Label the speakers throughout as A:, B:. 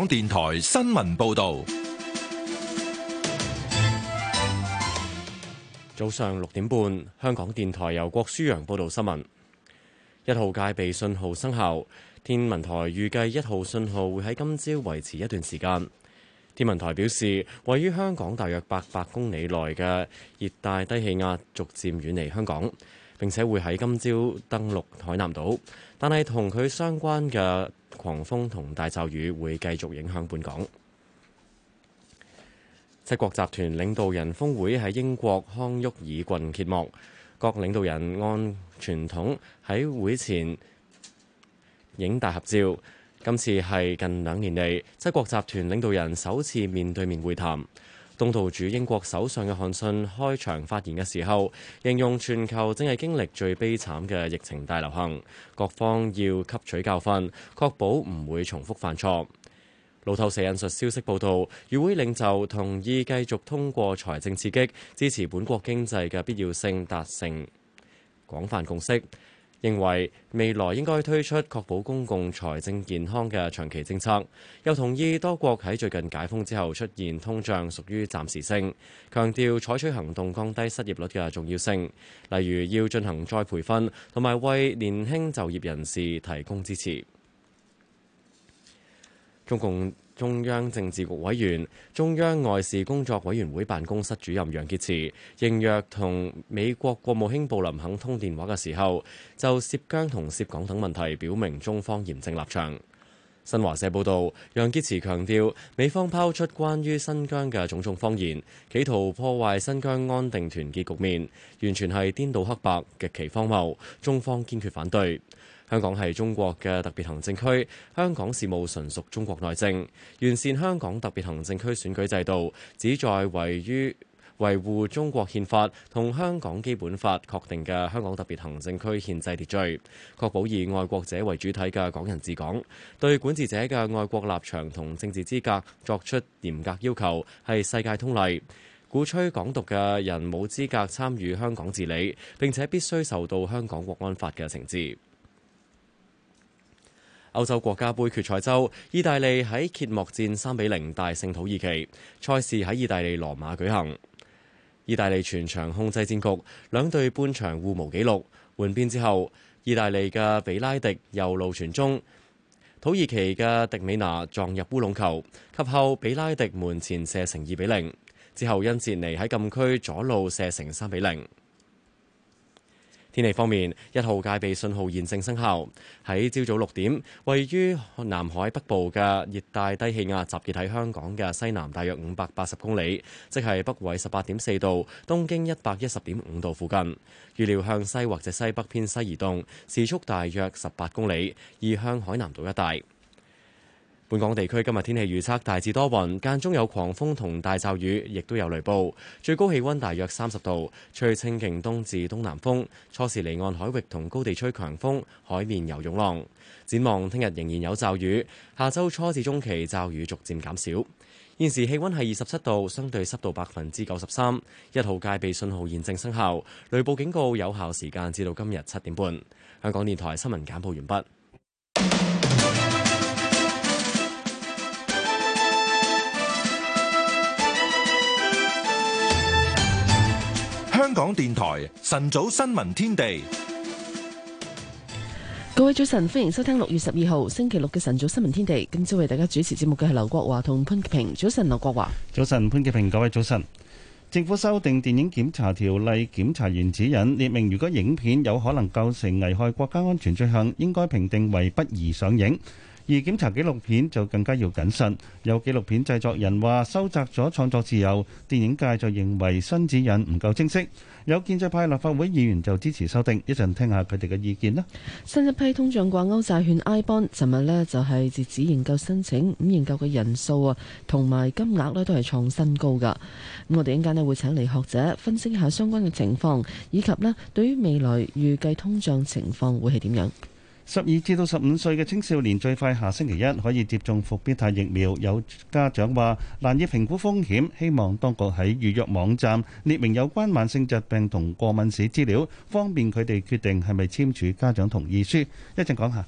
A: 香港電台新聞報道，早上六點半，
B: 香港電台由郭書陽報道新聞。一號戒備信號生效，天文台預計一號信號會喺今朝維持一段時間。天文台表示，位於香港大約八百公里內嘅熱帶低氣壓逐漸遠離香港，並且會喺今朝登陸海南島，但係同佢相關嘅，狂風同大驟雨會繼續影響本港。七國集團領導人峰會喺英國康沃爾郡揭幕，各領導人按傳統喺會前影大合照。今次係近兩年嚟七國集團領導人首次面對面會談。東道主英國首相嘅漢信開場發言嘅時候，形容全球正係經歷最悲慘嘅疫情大流行，各方要吸取教訓，確保唔會重複犯錯。路透社引述消息報道，與會領袖同意繼續通過財政刺激支持本國經濟嘅必要性達成廣泛共識。認為未來應該推出確保公共財政健康嘅長期政策，又同意多國喺最近解封之後出現通脹屬於暫時性，強調採取行動降低失業率嘅重要性，例如要進行再培訓，同埋為年輕就業人士提供支持。中共。中央政治局委員、中央外事工作委員會辦公室主任楊潔篪應約同美國國務卿布林肯通電話嘅時候，就涉疆同涉港等問題表明中方嚴正立場。新華社報道，楊潔篪強調美方拋出關於新疆嘅種種謊言，企圖破壞新疆安定團結局面，完全係顛倒黑白，極其荒謬，中方堅決反對。香港係中國嘅特別行政區，香港事務純屬中國內政。完善香港特別行政區選舉制度，旨在維於維護中國憲法同香港基本法確定嘅香港特別行政區憲制秩序，確保以愛國者為主體嘅港人治港。對管治者嘅愛國立場同政治資格作出嚴格要求，係世界通例。鼓吹港獨嘅人冇資格參與香港治理，並且必須受到香港國安法嘅懲治。歐洲國家杯決賽周，意大利喺揭幕戰三比零大勝土耳其。賽事喺意大利羅馬舉行。意大利全場控制戰局，兩隊半場互無紀錄。換邊之後，意大利嘅比拉迪右路傳中，土耳其嘅迪美娜撞入烏龍球。及後比拉迪門前射成二比零，之後因捷尼喺禁區左路射成三比零。天氣方面，一號戒備信號現正生效。喺朝早六點，位於南海北部嘅熱帶低氣壓集結喺香港嘅西南，大約五百八十公里，即係北緯十八點四度、東經一百一十點五度附近。預料向西或者西北偏西移動，時速大約十八公里，而向海南島一帶。本港地區今日天氣預測大致多雲，間中有狂風同大驟雨，亦都有雷暴。最高氣温大約三十度，吹清勁東至東南風。初時離岸海域同高地吹強風，海面有湧浪。展望聽日仍然有驟雨，下周初至中期驟雨逐漸減，減少。現時氣温係二十七度，相對濕度百分之九十三。一號戒備信號現正生效，雷暴警告有效時間至到今日七點半。香港電台新聞簡報完畢。
A: 香港電台晨早新聞天地，
C: 各位早晨，歡迎收聽六月十二號星期六嘅晨早新聞天地。今朝為大家主持節目嘅係劉國華同潘潔平。早晨，劉國華，早
D: 晨，潘潔平，各位早晨。政府修訂電影檢查條例，檢查員指引列明，如果影片有可能構成危害國家安全罪行，應該評定為不宜上映。而檢查紀錄片就更加要謹慎。有紀錄片製作人話收窄咗創作自由，電影界就認為新指引唔夠清晰。有建制派立法
C: 會議員就支持修訂，一陣聽下佢哋嘅意見啦。新一批通脹掛鈎債券 iBond，尋日呢就係、是、截止研究申請，咁、嗯、研究嘅人數啊同埋金額呢都係創新高㗎。咁我哋陣間呢會請嚟學者分析一下相關嘅情況，以及呢對於未來預計通脹情況會係點樣。
D: 十二至到十五歲嘅青少年最快下星期一可以接種復必泰疫苗。有家長話難以評估風險，希望當局喺預約網站列明有關慢性疾病同過敏史資料，方便佢哋決定係咪簽署家長同意書。一陣講下。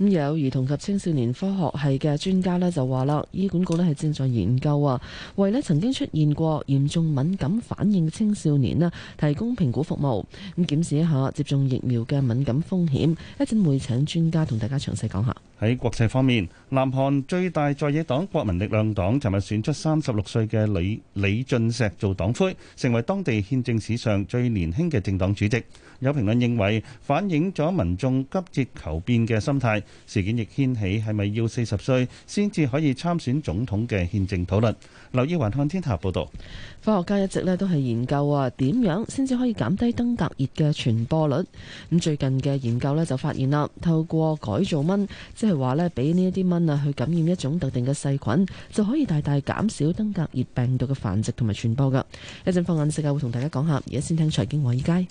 C: 咁有兒童及青少年科學系嘅專家咧，就話啦，醫管局咧係正在研究，話為咧曾經出現過嚴重敏感反應嘅青少年咧提供評估服務，咁檢視一下接種疫苗嘅敏感風險。一陣會請專家同大家詳細講下。
D: 喺國際方面，南韓最大在野黨國民力量黨尋日選出三十六歲嘅李李俊石做黨魁，成為當地憲政史上最年輕嘅政黨主席。有評論認為反映咗民眾急切求變嘅心態。事件亦掀起係咪要四十歲先至可以參選總統嘅憲政討論？留
C: 意環看天下報道。科學家一直呢都係研究啊，點樣先至可以減低登革熱嘅傳播率？咁最近嘅研究呢就發現啦，透過改造蚊，即係話呢俾呢一啲蚊啊去感染一種特定嘅細菌，就可以大大減少登革熱病毒嘅繁殖同埋傳播噶。一陣放眼世界會同大家講下，而家先聽財經王以佳。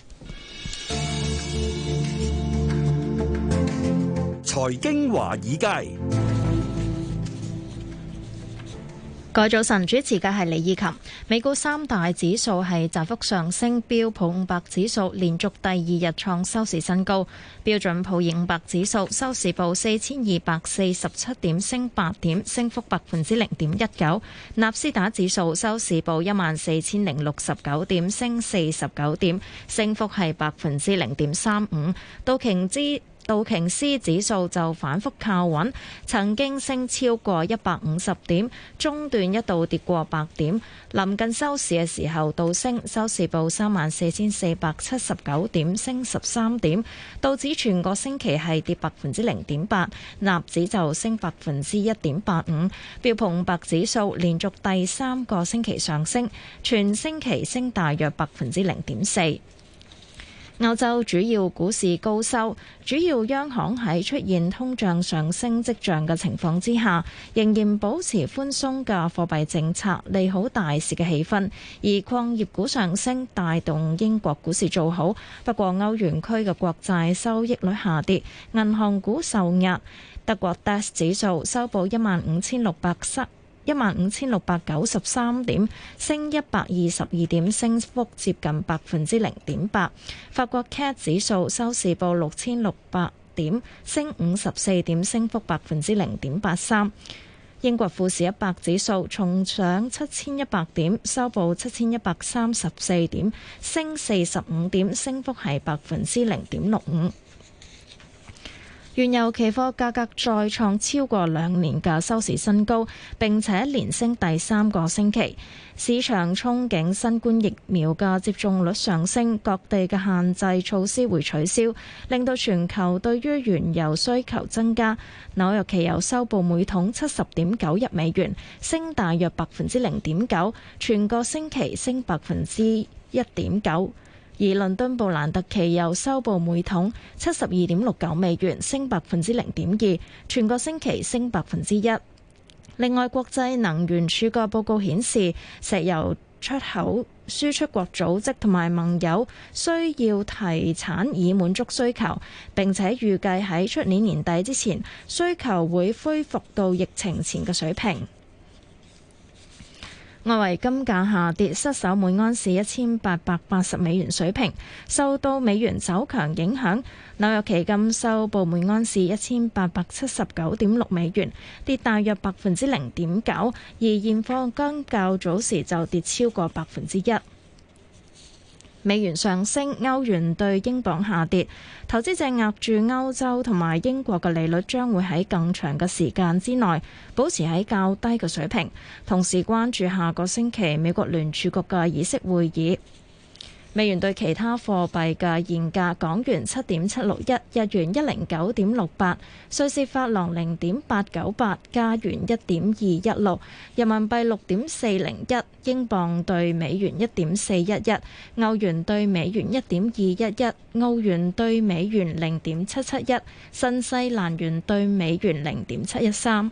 A: 財經
D: 華爾街，
E: 各位早晨，主持嘅係李綺琴。美股三大指數係窄幅上升，標普五百指數連續第二日創收市新高，標準普爾五百指數收市報四千二百四十七點，升八點，升幅百分之零點一九。納斯達指數收市報一萬四千零六十九點，升四十九點，升幅係百分之零點三五。道瓊斯道瓊斯指數就反覆靠穩，曾經升超過一百五十點，中段一度跌過百點，臨近收市嘅時候倒升收市報三萬四千四百七十九點，升十三點，道指全個星期係跌百分之零點八，納指就升百分之一點八五，標普五百指數連續第三個星期上升，全星期升大約百分之零點四。歐洲主要股市高收，主要央行喺出現通脹上升跡象嘅情況之下，仍然保持寬鬆嘅貨幣政策，利好大市嘅氣氛。而礦業股上升帶動英國股市做好，不過歐元區嘅國債收益率下跌，銀行股受壓，德國 DAX 指數收報一萬五千六百三。一萬五千六百九十三點，升一百二十二點，升幅接近百分之零點八。法國 CAC 指數收市報六千六百點，升五十四點，升幅百分之零點八三。英國富時一百指數重漲七千一百點，收報七千一百三十四點，升四十五點，升幅係百分之零點六五。原油期貨價格再創超過兩年嘅收市新高，並且連升第三個星期。市場憧憬新冠疫苗嘅接種率上升，各地嘅限制措施會取消，令到全球對於原油需求增加。紐約期油收報每桶七十點九一美元，升大約百分之零點九，全個星期升百分之一點九。而倫敦布蘭特期油收報每桶七十二點六九美元，升百分之零點二，全個星期升百分之一。另外，國際能源署個報告顯示，石油出口輸出國組織同埋盟友需要提產以滿足需求，並且預計喺出年年底之前需求會恢復到疫情前嘅水平。外圍金價下跌，失守每安士一千八百八十美元水平，受到美元走強影響。紐約期金收報每安士一千八百七十九點六美元，跌大約百分之零點九，而現貨金較早時就跌超過百分之一。美元上升，歐元對英鎊下跌。投資者押住歐洲同埋英國嘅利率將會喺更長嘅時間之內保持喺較低嘅水平，同時關注下個星期美國聯儲局嘅議息會議。美元兌其他貨幣嘅現價：港元七點七六一，日元一零九點六八，瑞士法郎零點八九八，加元一點二一六，人民幣六點四零一，英鎊對美元一點四一一，歐元對美元一點二一一，澳元對美元零點七七一，新西蘭元對美元零點七一三。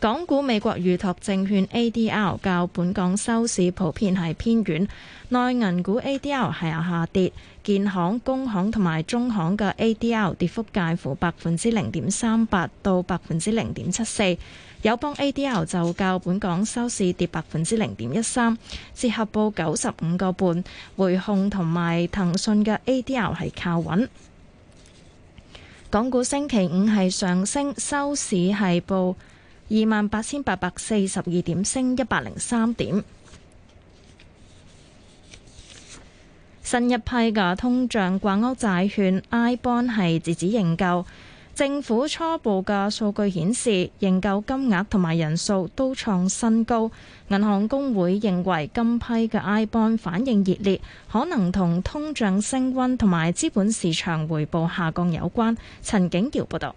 E: 港股、美國預託證券 A.D.L. 較本港收市普遍係偏軟，內銀股 A.D.L. 係下跌，建行、工行同埋中行嘅 A.D.L. 跌幅介乎百分之零點三八到百分之零點七四，友邦 A.D.L. 就較本港收市跌百分之零點一三，折合報九十五個半，匯控同埋騰訊嘅 A.D.L. 係靠穩。港股星期五係上升，收市係報。二萬八千八百四十二點，升一百零三點。新一批嘅通脹掛鈎債券 I bond 係截止認購。政府初步嘅數據顯示，認購金額同埋人數都創新高。銀行公會認為，今批嘅 I bond 反應熱烈，可能同通脹升溫同埋資本市場回報下降有關。陳景堯報道。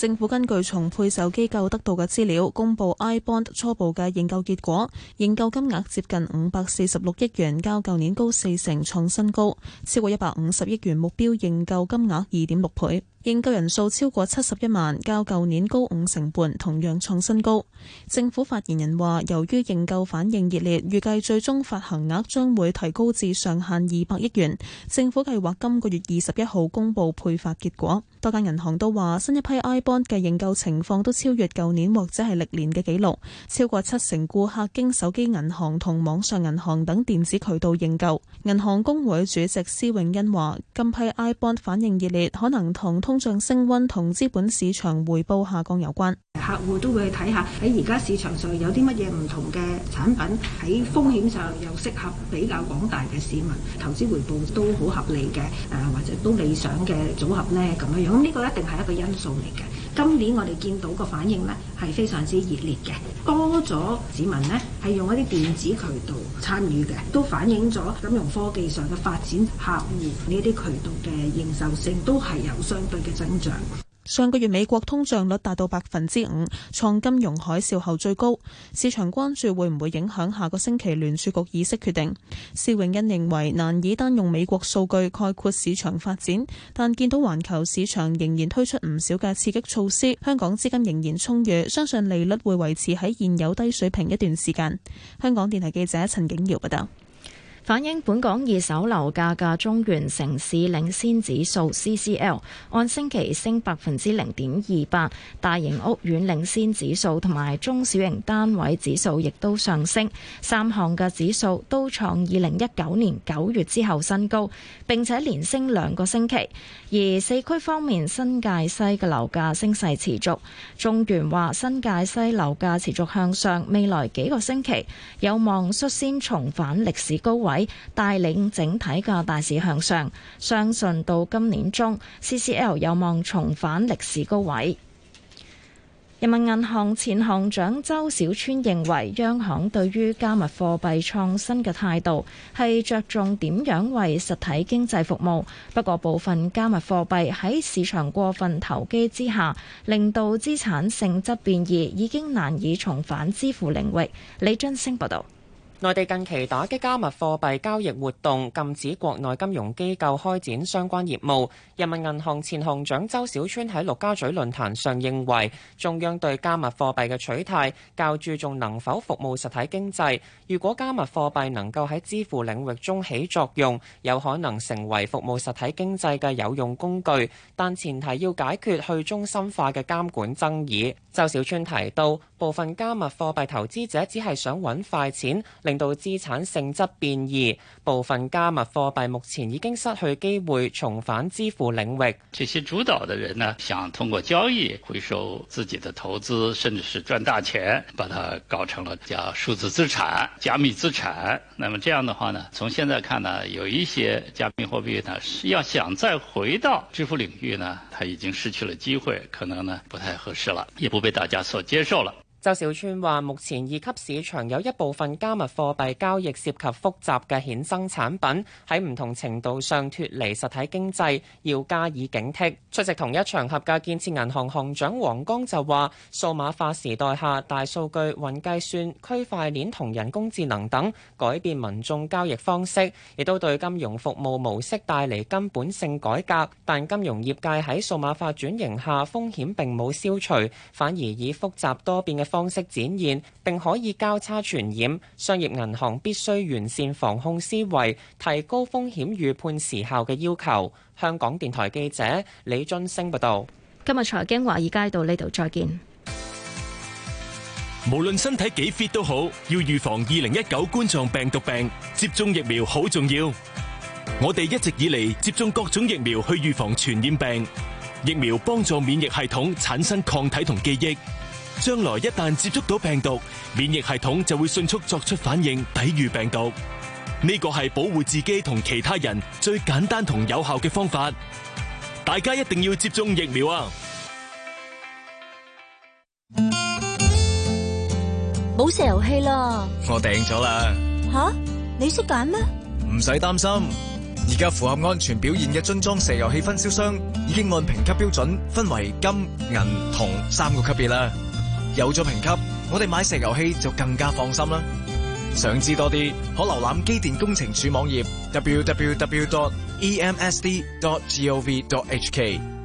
F: 政府根據從配售機構得到嘅資料，公布 I bond 初步嘅認購結果，認購金額接近五百四十六億元，較舊年高四成，創新高，超過一百五十億元目標認購金額二點六倍。認購人數超過七十一萬，較舊年高五成半，同樣創新高。政府發言人話，由於認購反應熱烈，預計最終發行額將會提高至上限二百億元。政府計劃今個月二十一號公布配發結果。多間銀行都話，新一批 iBond 嘅認購情況都超越舊年或者係歷年嘅紀錄，超過七成顧客經手機銀行同網上銀行等電子渠道認購。銀行公會主席施永恩話，今批 iBond 反應熱烈，可能同通上升溫同資本市場回報下降有關，客戶都會去睇下喺而家市場上有啲乜嘢唔同嘅產品喺風險上又適合比較廣大嘅市民，投資回報都好合理嘅，誒或者都理想嘅組合呢，咁樣樣，咁呢個一定係一個因素嚟嘅。今年我哋見到個反應呢係非常之熱烈嘅，多咗市民呢係用一啲電子渠道參與嘅，都反映咗金融科技上嘅發展，客戶呢啲渠道嘅認受性都係有相對嘅增長。上個月美國通脹率達到百分之五，創金融海嘯後最高。市場關注會唔會影響下個星期聯儲局議息決定。施永恩認為難以單用美國數據概括市場發展，但見到環球市場仍然推出唔少嘅刺激措施，香港資金仍然充裕，相信利率會維持喺現有低水平一段時間。香港電台記者陳景瑤報道。反映本港二手樓價
E: 嘅中原城市領先指數 （CCL） 按星期升百分之零點二八，大型屋苑領先指數同埋中小型單位指數亦都上升，三項嘅指數都創二零一九年九月之後新高，並且連升兩個星期。而四區方面，新界西嘅樓價升勢持續，中原話新界西樓價持續向上，未來幾個星期有望率先重返歷史高位。帶領整體嘅大市向上，相信到今年中，CCL 有望重返歷史高位。人民銀行前行長周小川認為，央行對於加密貨幣創新嘅態度係着重點樣為實體經濟服務。不過，部分加密貨幣喺市場過分投機之下，令到資產性質變異已經難以重返支付領域。李津升報道。
G: 內地近期打擊加密貨幣交易活動，禁止國內金融機構開展相關業務。人民銀行前行長周小川喺陸家嘴論壇上認為，中央對加密貨幣嘅取態較注重能否服務實體經濟。如果加密貨幣能夠喺支付領域中起作用，有可能成為服務實體經濟嘅有用工具，但前提要解決去中心化嘅監管爭議。周小川提到，部分加密貨幣投資者只係想揾快錢，令到資產性質變異。部分加密貨幣目前已經失去機會重返支付領域。這些主導的人呢，想通過交易回收自己的投資，甚至是賺大錢，把它搞成了叫
H: 數字資產加密資產。那麼這樣的話呢，從現在看呢，有一些加密貨幣呢，要想再回到支付領域呢，它已經失去了機會，可能呢不太合適了，也不被大家所接受了。
G: 周小川話，目前二級市場有一部分加密貨幣交易涉及複雜嘅衍生產品，喺唔同程度上脫離實體經濟，要加以警惕。出席同一場合嘅建設銀行行長王剛就話，數碼化時代下，大數據、雲計算、區塊鏈同人工智能等改變民眾交易方式，亦都對金融服務模式帶嚟根本性改革。但金融業界喺數碼化轉型下，風險並冇消除，反而以複雜多變嘅方式展現，並可以交叉傳染。商業銀行必須完善防控思維，提高風險預判時效嘅要求。香港電台記者李俊升報道。
E: 今日財經華爾街到呢度再見。
G: 無論身體幾 fit 都好，
I: 要預防二零一九冠狀病毒病，接種疫苗好重要。我哋一直以嚟接種各種疫苗去預防傳染病，疫苗幫助免疫系統產生抗體同記憶。將來一旦接觸到病毒，免疫系統就會迅速作出反應抵御病毒。呢個係保護自己同其他人最簡單同有效嘅方法。大家一定要接種疫苗啊！
J: 冇石油氣啦！
B: 我訂咗啦。
F: 吓，你識揀咩？
B: 唔使擔心，而家符合安全表現嘅樽裝石油氣分銷商已經按評級標準分為金、銀銅三個級別啦。有咗評級，我哋買石油氣就更加放心啦。想知多啲，可瀏覽機電工程署網頁 www.emsd.gov.hk。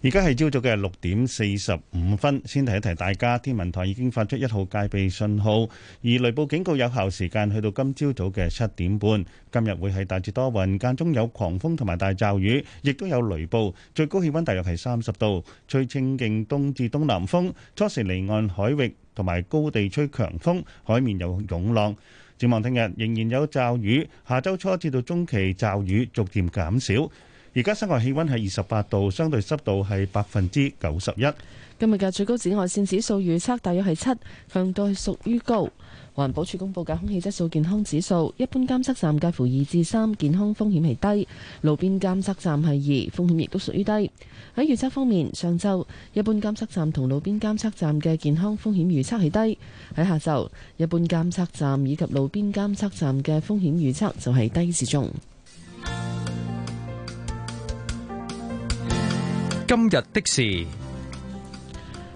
D: 而家係朝早嘅六點四十五分，先提一提大家。天文台已經發出一號戒備信號，而雷暴警告有效時間去到今朝早嘅七點半。今日會係大致多雲，間中有狂風同埋大驟雨，亦都有雷暴。最高氣温大約係三十度，吹清勁東至東南風。初時離岸海域同埋高地吹強風，海面有湧浪。展望聽日仍然有驟雨，下周初至到中期驟雨逐漸減少。而家室外氣溫係二十八度，相對濕度係百分之九十一。
C: 今日嘅最高紫外線指數預測大約係七，強度係屬於高。環保署公布嘅空氣質素健康指數，一般監測站介乎二至三，健康風險係低；路邊監測站係二，風險亦都屬於低。喺預測方面，上晝一般監測站同路邊監測站嘅健康風險預測係低；喺下晝一般監測站以及路邊監測站嘅風險預測就係低至中。
K: 今日的事，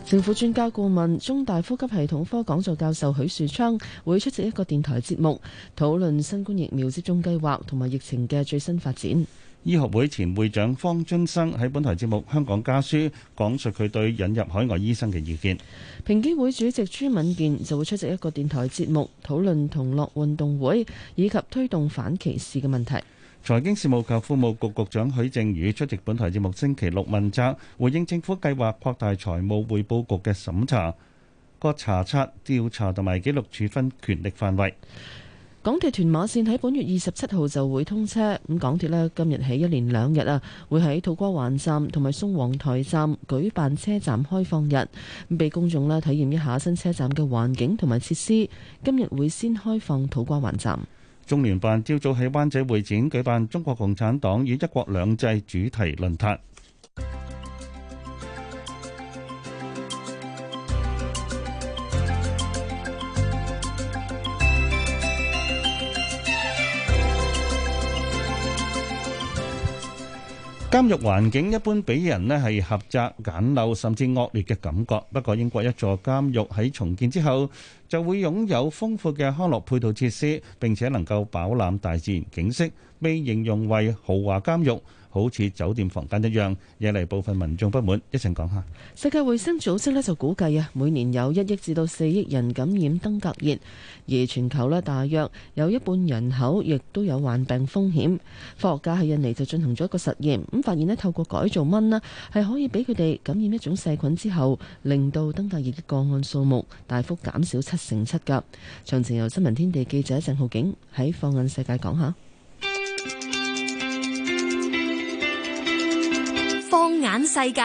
C: 政府專家顧問、中大呼吸系統科講座教授許樹昌會出席一個電台節目，討論新冠疫苗接種計劃同埋疫情嘅最新發展。醫學會前
D: 會長方津生喺本台節目《香港家書》講述佢對引入海外醫生嘅意見。
C: 平機會主席朱敏健就會出席一個電台節目，討論同樂運動會以及推動反歧視嘅問題。
D: 財經事務及庫務局局長許正宇出席本台節目，星期六問責，回應政府計劃擴大財務匯報局嘅審查、各查察、調查同埋紀律處分權力範圍。
C: 港鐵屯馬綫喺本月二十七號就會通車，咁港鐵咧今日起一連兩日啊，會喺土瓜灣站同埋宋皇臺站舉辦車站開放日，咁俾公眾咧體驗一下新車站嘅環境同埋設施。今日會先開放土瓜灣站。
D: 中聯辦朝早喺灣仔會展舉辦中國共產黨與一國兩制主題論壇。監獄環境一般俾人呢係狹窄、簡陋，甚至惡劣嘅感覺。不過英國一座監獄喺重建之後，就會擁有豐富嘅康樂配套設施，並且能夠飽覽大自然景色，被形容為豪華監獄。好似酒店房間一樣，惹嚟部分民眾不滿。一陣講下。
C: 世界衞生組織咧就估計啊，每年有一億至到四億人感染登革熱，而全球咧大約有一半人口亦都有患病風險。科學家喺印尼就進行咗一個實驗，咁發現咧透過改造蚊啦，係可以俾佢哋感染一種細菌之後，令到登革熱嘅個案數目大幅減少七成七㗎。詳情由新聞天地記者鄭浩景喺放眼世界講下。眼世界。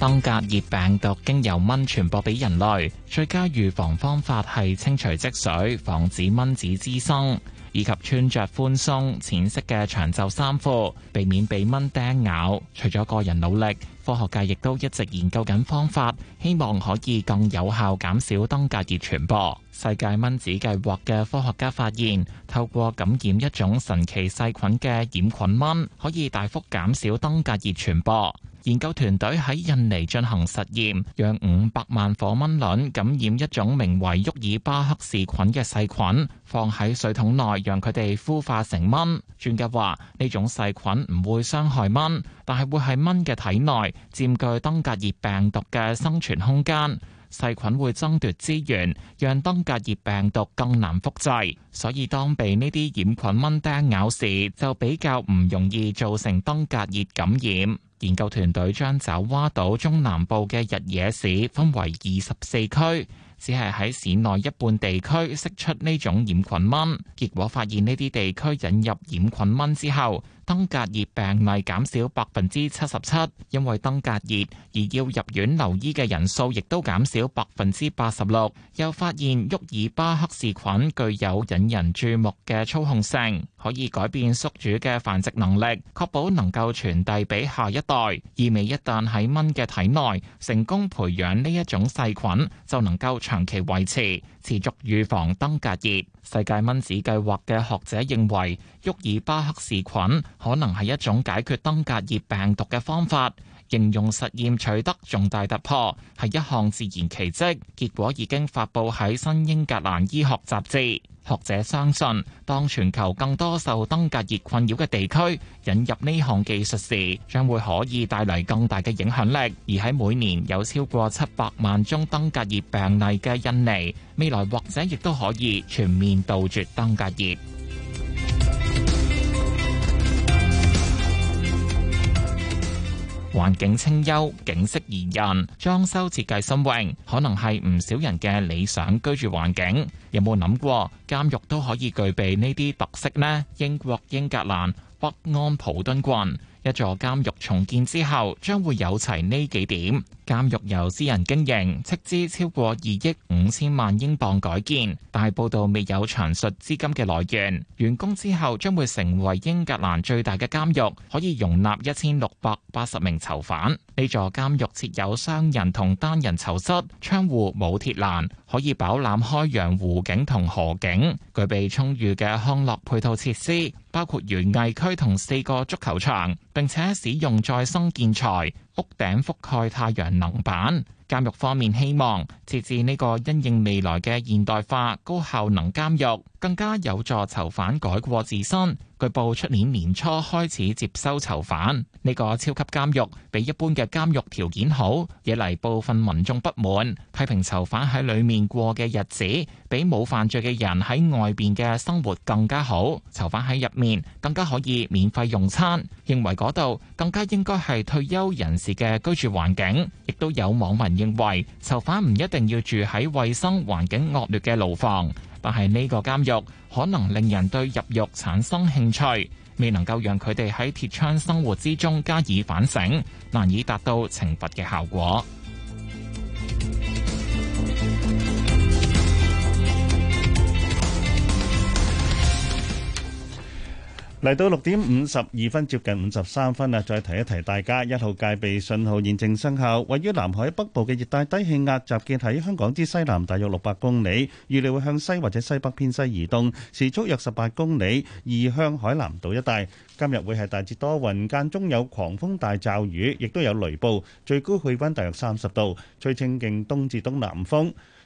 H: 登革熱病毒經由蚊傳播俾人類，最佳預防方法係清除積水，防止蚊子滋生，以及穿着寬鬆淺色嘅長袖衫褲，避免被蚊叮咬。除咗個人努力，科學界亦都一直研究緊方法，希望可以更有效減少登革熱傳播。世界蚊子計劃嘅科學家發現，透過感染一種神奇細菌嘅染菌蚊，可以大幅減少登革熱傳播。研究團隊喺印尼進行實驗，讓五百萬火蚊卵感染一種名為沃爾巴克氏菌嘅細菌，放喺水桶內，讓佢哋孵化成蚊。專家話，呢種細菌唔會傷害蚊，但係會喺蚊嘅體內佔據登革熱病毒嘅生存空間。細菌會爭奪資源，讓登革熱病毒更難複製，所以當被呢啲染菌蚊叮咬時，就比較唔容易造成登革熱感染。研究團隊將爪哇島中南部嘅日惹市分為二十四區。只係喺市內一半地區釋出呢種染菌蚊，結果發現呢啲地區引入染菌蚊之後，登革熱病例減少百分之七十七，因為登革熱而要入院留醫嘅人數亦都減少百分之八十六。又發現沃爾巴克氏菌具有引人注目嘅操控性，可以改變宿主嘅繁殖能力，確保能夠傳遞俾下一代。意味一旦喺蚊嘅體內成功培養呢一種細菌，就能夠，長期維持，持續預防登革熱。世界蚊子計劃嘅學者認為，沃爾巴克氏菌可能係一種解決登革熱病毒嘅方法。應用實驗取得重大突破，係一項自然奇蹟。結果已經發佈喺《新英格蘭醫學雜誌》。學者相信，當全球更多受登革熱困擾嘅地區引入呢項技術時，將會可以帶嚟更大嘅影響力，而喺每年有超過七百萬宗登革熱病例嘅印尼，未來或者亦都可以全面杜絕登革熱。環境清幽、景色宜人、裝修設計新穎，可能係唔少人嘅理想居住環境。有冇諗過監獄都可以具備呢啲特色呢？英國、英格蘭、北安普敦郡。一座監獄重建之後，將會有齊呢幾點：監獄由私人經營，斥資超過二億五千萬英鎊改建，但係報道未有詳述資金嘅來源。完工之後，將會成為英格蘭最大嘅監獄，可以容納一千六百八十名囚犯。呢座監獄設有雙人同單人囚室，窗戶冇鐵欄，可以飽覽開揚湖景同河景，具備充裕嘅康樂配套設施，包括園藝區同四個足球場，並且使用再生建材，屋頂覆蓋太陽能板。監獄方面希望設置呢個因應未來嘅現代化高效能監獄，更加有助囚犯改過自新。據報出年年初開始接收囚犯，呢、這個超級監獄比一般嘅監獄條件好，惹嚟部分民眾不滿，批評囚犯喺裏面過嘅日子比冇犯罪嘅人喺外邊嘅生活更加好。囚犯喺入面更加可以免費用餐，認為嗰度更加應該係退休人士嘅居住環境，亦都有網民。認為囚犯唔一定要住喺衛生環境惡劣嘅牢房，但係呢個監獄可能令人對入獄產生興趣，未能夠讓佢哋喺鐵窗生活之中加以反省，難以達到懲罰嘅效果。
D: 嚟到六點五十二分，接近五十三分啦。再提一提大家，一號戒備信號現正生效。位於南海北部嘅熱帶低氣壓集結喺香港之西南，大約六百公里，預料會向西或者西北偏西移動，時速約十八公里，移向海南島一帶。今日會係大致多雲，間中有狂風大驟雨，亦都有雷暴，最高氣溫大約三十度，吹清勁東至東南風。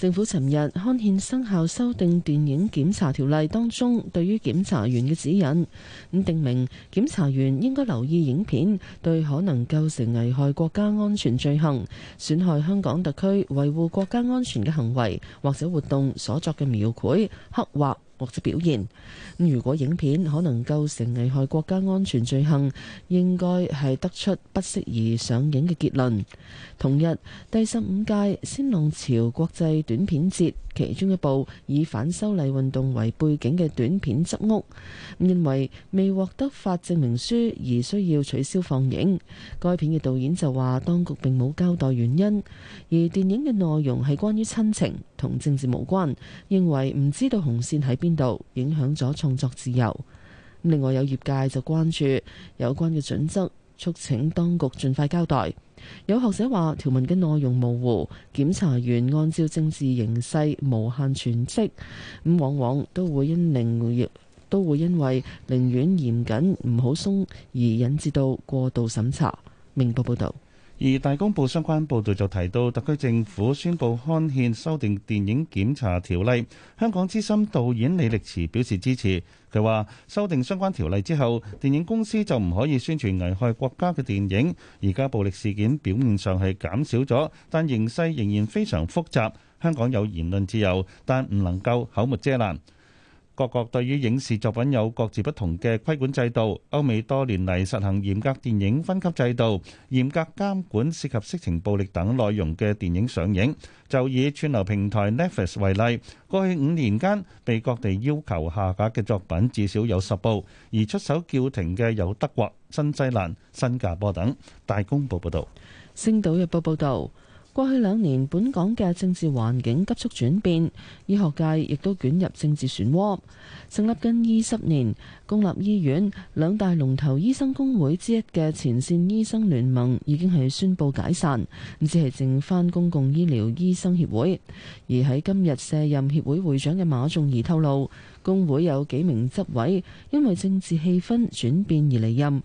C: 政府尋日刊憲生效修訂電影檢查條例，當中對於檢查員嘅指引，咁定明檢查員應該留意影片對可能構成危害國家安全罪行、損害香港特區維護國家安全嘅行為或者活動所作嘅描繪、刻畫，或者表現，如果影片可能構成危害國家安全罪行，應該係得出不適宜上映嘅結論。同日，第十五屆鮮浪潮國際短片節。其中一部以反修例運動為背景嘅短片執屋，認為未獲得法證明書而需要取消放映。該片嘅導演就話：當局並冇交代原因，而電影嘅內容係關於親情同政治無關，認為唔知道紅線喺邊度，影響咗創作自由。另外有業界就關注有關嘅準則，促請當局盡快交代。有學者話條文嘅內容模糊，檢查員按照政治形勢無限詮釋咁，往往都會因寧亦都會因為寧願嚴謹唔好鬆，而引致到過度審查。明報報道，而大公報相關
D: 報道就提到，特區政府宣布刊憲修訂電影檢查條例。香港資深導演李力持表示支持。佢話：修訂相關條例之後，電影公司就唔可以宣傳危害國家嘅電影。而家暴力事件表面上係減少咗，但形勢仍然非常複雜。香港有言論自由，但唔能夠口無遮攔。各國對於影視作品有各自不同嘅規管制度。歐美多年嚟實行嚴格電影分級制度，嚴格監管涉及色情、暴力等內容嘅電影上映。就以串流平台 Netflix 為例，過去五年間被各地要求下架嘅作品至少有十部，而出手叫停嘅有德國、新西蘭、新加坡等。大公報報道，
C: 《星島日報》報道。過去兩年，本港嘅政治環境急速轉變，醫學界亦都捲入政治漩渦。成立近二十年，公立醫院兩大龍頭醫生工會之一嘅前線醫生聯盟已經係宣布解散，只係剩翻公共醫療醫生協會。而喺今日卸任協會會長嘅馬仲儀透露，工會有幾名執委因為政治氣氛轉變而離任。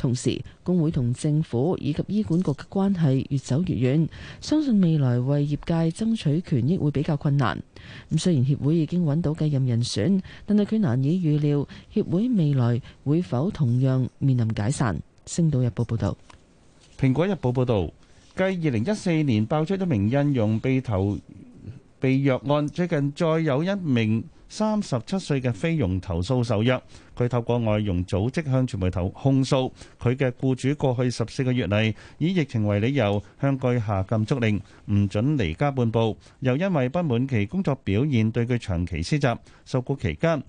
C: 同時工會同政府以及醫管局嘅關係越走越遠，相信未來為業界爭取權益會比較困難，咁雖然協會已經揾到繼任人選，但係佢難以預料協會未來會否同樣面臨解散。星島日報報道。
D: 蘋果日報報道，繼二零一四年爆出一名印傭被投被虐案，最近再有一名。三十七歲嘅菲傭投訴受虐，佢透過外傭組織向傳媒投控訴，佢嘅雇主過去十四個月嚟以疫情為理由向佢下禁足令，唔准離家半步。又因為不滿其工作表現，對佢長期施襲。受雇期間，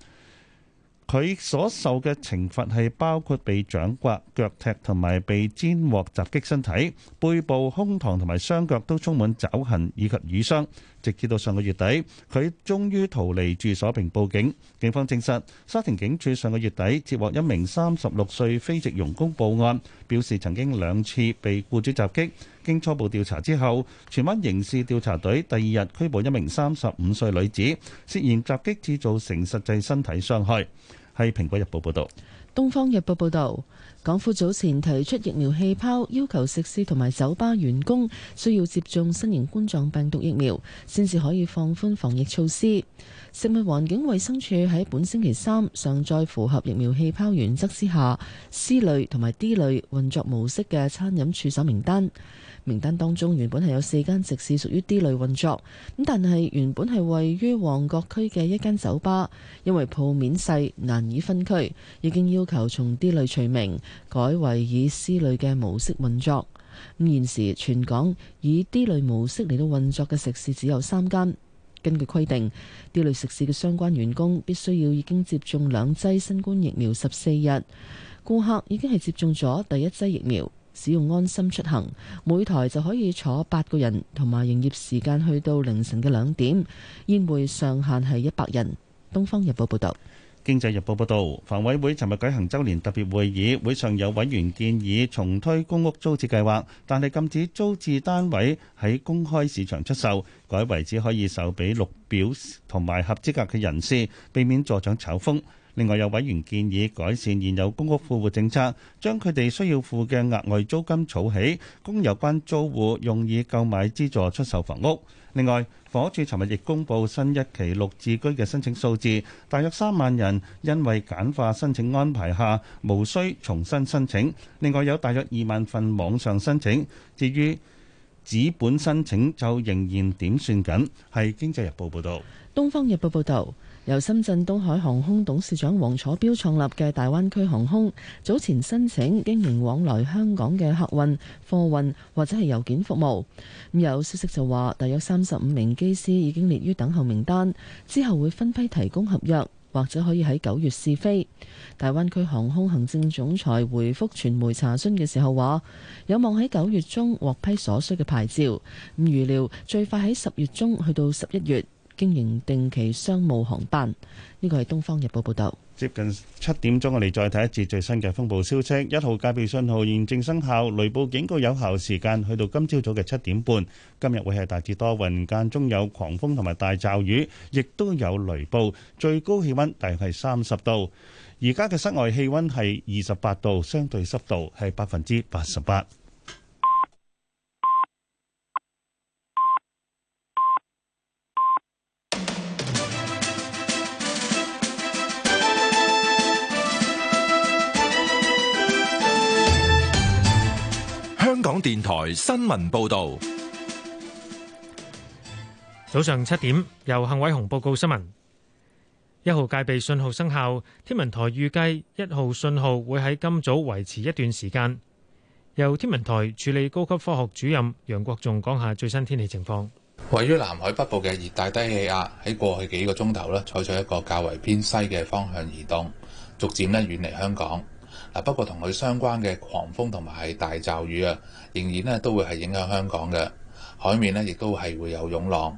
D: 佢所受嘅懲罰係包括被掌摑、腳踢同埋被煎鑊襲擊身體，背部、胸膛同埋雙腳都充滿爪痕以及瘀傷。直至到上個月底，佢終於逃離住所並報警。警方證實，沙田警署上個月底接獲一名三十六歲菲籍傭工報案，表示曾經兩次被雇主襲擊。經初步調查之後，荃灣刑事調查隊第二日拘捕一名三十五歲女子，涉嫌襲擊致造成實際身體傷害。係《蘋果日報》報導，
C: 《東方日報》報導。港府早前提出疫苗氣泡，要求食肆同埋酒吧員工需要接種新型冠狀病毒疫苗，先至可以放寬防疫措施。食物環境衛生署喺本星期三上載符合疫苗氣泡原則之下，C 類同埋 D 類運作模式嘅餐飲處所名單。名單當中原本係有四間食肆屬於 D 類運作，咁但係原本係位於旺角區嘅一間酒吧，因為鋪面細難以分區，已經要求從 D 類除名改為以 C 類嘅模式運作。咁現時全港以 D 類模式嚟到運作嘅食肆只有三間。根據規定，D 類食肆嘅相關員工必須要已經接種兩劑新冠疫苗十四日，顧客已經係接種咗第一劑疫苗。使用安心出行，每台就可以坐八個人，同埋營業時間去到凌晨嘅兩點，宴會上限係一百人。《東方日報》報道，
D: 經濟日報報道。房委會尋日舉行周年特別會議，會上有委員建議重推公屋租置計劃，但係禁止租置單位喺公開市場出售，改為只可以售俾綠表、同埋合資格嘅人士，避免助長炒風。另外有委員建議改善現有公屋富戶政策，將佢哋需要付嘅額外租金儲起，供有關租戶用以購買資助出售房屋。另外，房署尋日亦公布新一期綠置居嘅申請數字，大約三萬人因為簡化申請安排下無需重新申請。另外有大約二萬份網上申請，至於紙本申請就仍然點算緊。係《經濟日報》報道，《東方日報》報道。
C: 由深圳東海航空董事長黃楚標創立嘅大灣區航空，早前申請經營往來香港嘅客運、貨運或者係郵件服務。咁有消息就話，大約三十五名機師已經列於等候名單，之後會分批提供合約，或者可以喺九月試飛。大灣區航空行政總裁回覆傳媒查詢嘅時候話，有望喺九月中獲批所需嘅牌照，咁預料最快喺十月中去到十一月。經營定期商務航班，呢個係《東方日報》報道。
D: 接近七點鐘，我哋再睇一次最新嘅風暴消息。一號戒備信號現正生效，雷暴警告有效時間去到今朝早嘅七點半。今日會係大致多雲，間中有狂風同埋大驟雨，亦都有雷暴。最高氣溫大約係三十度。而家嘅室外氣溫係二十八度，相對濕度係百分之八十八。
A: 香港電台新聞報道，
L: 早上七點，由幸偉雄報告新聞。一號戒備信號生效，天文台預計一號信號會喺今早維持一段時間。由天文台處理高級科學主任楊國仲講下最新天氣情況。
M: 位於南海北部嘅熱帶低氣壓喺過去幾個鐘頭咧，採取一個較為偏西嘅方向移動，逐漸咧遠離香港。啊！不過同佢相關嘅狂風同埋係大驟雨啊，仍然咧都會係影響香港嘅海面咧，亦都係會有湧浪。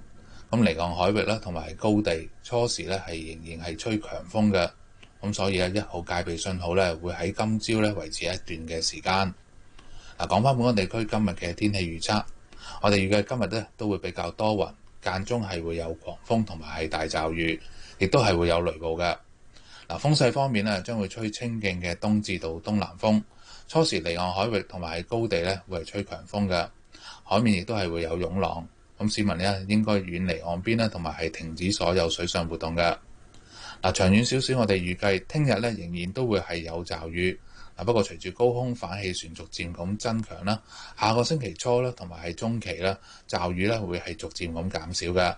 M: 咁離岸海域啦同埋係高地初時咧係仍然係吹強風嘅。咁所以啊，一號戒備信號咧會喺今朝咧維持一段嘅時間。嗱，講翻本港地區今日嘅天氣預測，我哋預計今日咧都會比較多雲，間中係會有狂風同埋係大驟雨，亦都係會有雷暴嘅。嗱，風勢方面咧，將會吹清勁嘅東至到東南風，初時離岸海域同埋係高地咧，會係吹強風嘅，海面亦都係會有湧浪。咁市民咧應該遠離岸邊咧，同埋係停止所有水上活動嘅。嗱，長遠少少，我哋預計聽日咧仍然都會係有驟雨。嗱，不過隨住高空反氣旋逐漸咁增強啦，下個星期初啦，同埋係中期啦，驟雨咧會係逐漸咁減少嘅。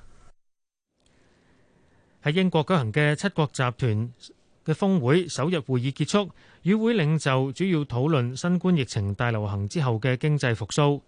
L: 喺英國舉行嘅七國集團嘅峰會首日會議結束，與會領袖主要討論新冠疫情大流行之後嘅經濟復甦。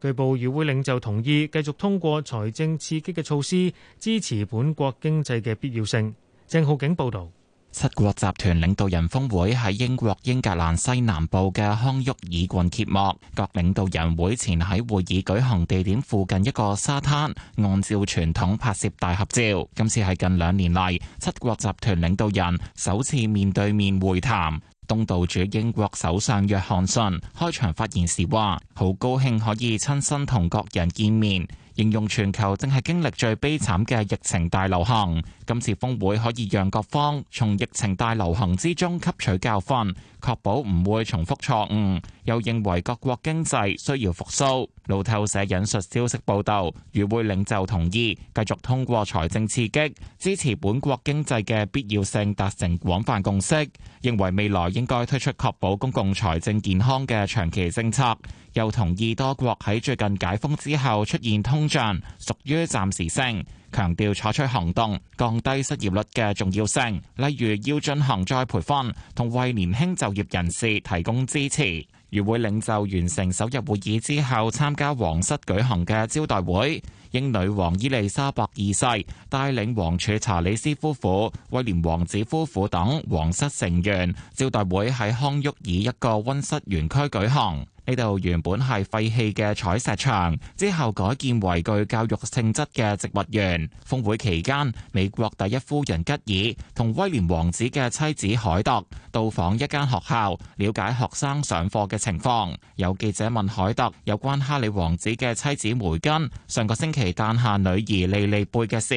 L: 據報與會領袖同意繼續通過財政刺激嘅措施，支持本國經濟嘅必要性。鄭浩景報道。
H: 七國集團領導人峰會喺英國英格蘭西南部嘅康沃爾郡揭幕，各領導人會前喺會議舉行地點附近一個沙灘，按照傳統拍攝大合照。今次係近兩年嚟，七國集團領導人首次面對面會談。東道主英國首相約翰遜，開場發言時話：好高興可以親身同各人見面。形容全球正係經歷最悲慘嘅疫情大流行，今次峰會可以讓各方從疫情大流行之中吸取教訓。確保唔會重複錯誤，又認為各國經濟需要復甦。路透社引述消息報道，與會領袖同意繼續通過財政刺激支持本國經濟嘅必要性，達成廣泛共識。認為未來應該推出確保公共財政健康嘅長期政策。又同意多國喺最近解封之後出現通脹，屬於暫時性。強調採取行動降低失業率嘅重要性，例如要進行再培訓同為年輕就業人士提供支持。與會領袖完成首日會議之後，參加皇室舉行嘅招待會。英女王伊麗莎白二世帶領王儲查理斯夫婦、威廉王子夫婦等皇室成員，招待會喺康沃爾一個溫室園區舉行。呢度原本係廢棄嘅採石場，之後改建為具教育性質嘅植物園。峰會期間，美國第一夫人吉爾同威廉王子嘅妻子凱特到訪一間學校，了解學生上課嘅情況。有記者問凱特有關哈里王子嘅妻子梅根上個星期誕下女兒莉莉貝嘅事，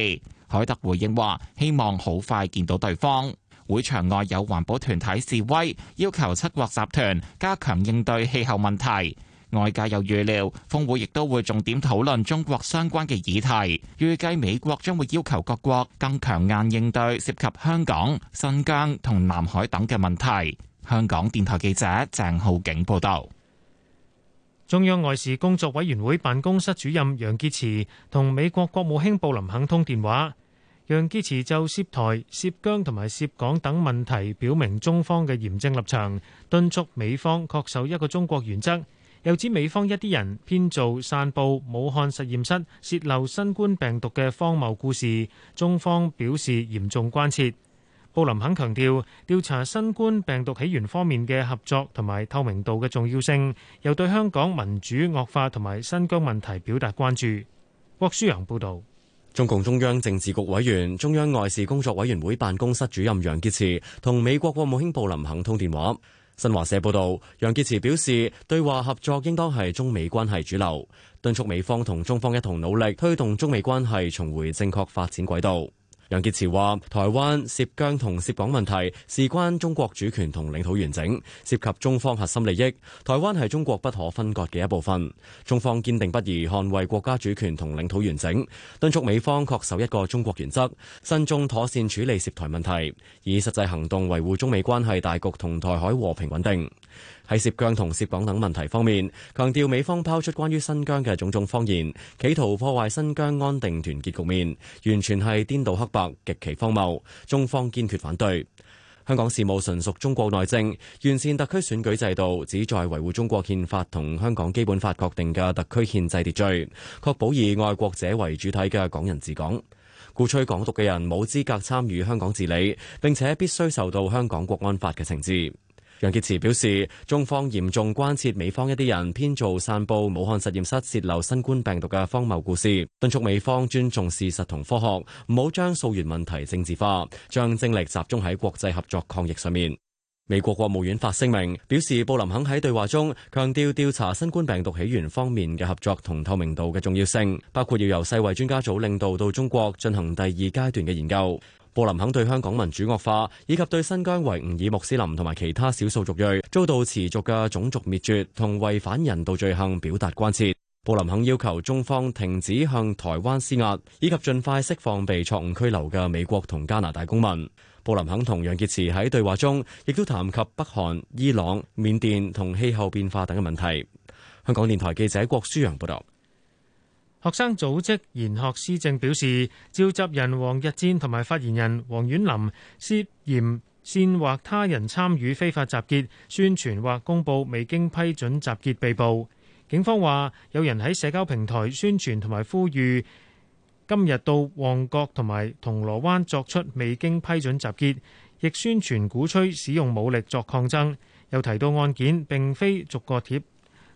H: 凱特回應話：希望好快見到對方。會場外有環保團體示威，要求七國集團加強應對氣候問題。外界又預料，峰會亦都會重點討論中國相關嘅議題。預計美國將會要求各國更強硬應對涉及香港、新疆同南海等嘅問題。香港電台記者鄭浩景報道。
L: 中央外事工作委員會辦公室主任楊潔篪同美國國務卿布林肯通電話。楊潔篪就涉台、涉疆同埋涉港等問題，表明中方嘅嚴正立場，敦促美方恪守一個中國原則。又指美方一啲人編造散布武漢實驗室洩漏新冠病毒嘅荒謬故事，中方表示嚴重關切。布林肯強調調查新冠病毒起源方面嘅合作同埋透明度嘅重要性，又對香港民主惡化同埋新疆問題表達關注。郭舒陽報導。
B: 中共中央政治局委員、中央外事工作委員會辦公室主任楊潔篪同美國國務卿布林肯通電話。新華社報道，楊潔篪表示，對話合作應當係中美關係主流，敦促美方同中方一同努力，推動中美關係重回正確發展軌道。楊潔篪話：台灣涉疆同涉港問題事關中國主權同領土完整，涉及中方核心利益。台灣係中國不可分割嘅一部分，中方堅定不移捍衛國家主權同領土完整，敦促美方恪守一個中國原則，慎重妥善處理涉台問題，以實際行動維護中美關係大局同台海和平穩定。喺涉疆同涉港等問題方面，強調美方拋出關於新疆嘅種種謊言，企圖破壞新疆安定團結局面，完全係顛倒黑白，極其荒謬。中方堅決反對。香港事務純屬中國內政，完善特區選舉制度，旨在維護中國憲法同香港基本法確定嘅特區憲制秩序，確保以愛國者為主體嘅港人治港。鼓吹港獨嘅人冇資格參與香港治理，並且必須受到香港國安法嘅懲治。楊潔篪表示，中方嚴重關切美方一啲人編造散布武漢實驗室洩漏新冠病毒嘅荒謬故事，敦促美方尊重事實同科學，唔好將溯源問題政治化，將精力集中喺國際合作抗疫上面。美國國務院發聲明表示，布林肯喺對話中強調調查新冠病毒起源方面嘅合作同透明度嘅重要性，包括要由世衛專家組領導到中國進行第二階段嘅研究。布林肯對香港民主惡化以及對新疆維吾爾穆斯林同埋其他少數族裔遭到持續嘅種族滅絕同違反人道罪行表達關切。布林肯要求中方停止向台灣施壓，以及盡快釋放被錯誤拘留嘅美國同加拿大公民。布林肯同楊潔篪喺對話中，亦都談及北韓、伊朗、緬甸同氣候變化等嘅問題。香港電台記者郭舒陽報道。
L: 學生組織賢學思政表示，召集人王逸戰同埋發言人黃沅琳涉嫌煽惑他人參與非法集結、宣傳或公佈未經批准集結被捕。警方話，有人喺社交平台宣傳同埋呼籲今日到旺角同埋銅鑼灣作出未經批准集結，亦宣傳鼓吹使用武力作抗爭，又提到案件並非逐個貼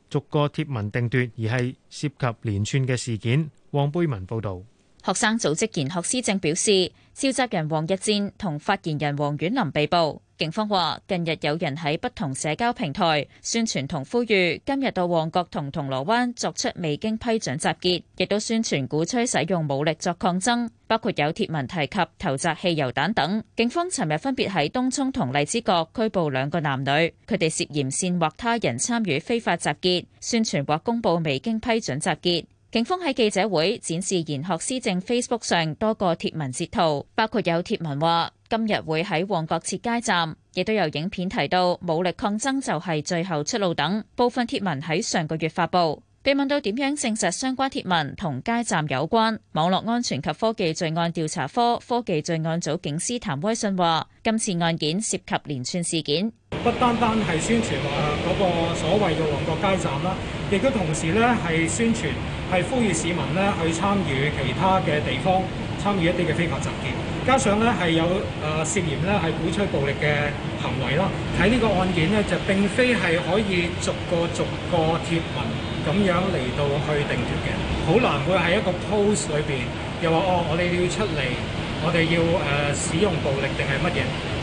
L: 逐個貼文定奪，而係涉及連串嘅事件。黃貝文報道，
N: 學生組織賢學思政表示，召集人王逸戰同發言人黃沅琳被捕。警方話：近日有人喺不同社交平台宣傳同呼籲，今日到旺角同銅鑼灣作出未經批准集結，亦都宣傳鼓吹使用武力作抗爭，包括有貼文提及投擲汽油彈等。警方尋日分別喺東涌同荔枝角拘捕兩個男女，佢哋涉嫌煽惑他人參與非法集結、宣傳或公佈未經批准集結。警方喺記者會展示賢學思政 Facebook 上多個貼文截圖，包括有貼文話，今日會喺旺角設街站，亦都有影片提到武力抗爭就係最後出路等，部分貼文喺上個月發布。被問到點樣證實相關貼文同街站有關，網絡安全及科技罪案調查科科技罪案組警司譚威信話：今次案件涉及連串事件，不單單係宣傳話
L: 嗰個所謂嘅旺角街站啦，亦都同時咧係宣傳係呼籲市民呢去參與其他嘅地方參與一啲嘅非法集結。加上咧係有誒涉嫌咧係鼓吹暴力嘅行為咯，睇呢個案件咧就並非係可以逐個逐個貼文咁樣嚟到去定奪嘅，好難會喺一個 post 裏邊又話哦，我哋要出嚟，我哋要誒、呃、使用暴力定係乜嘢？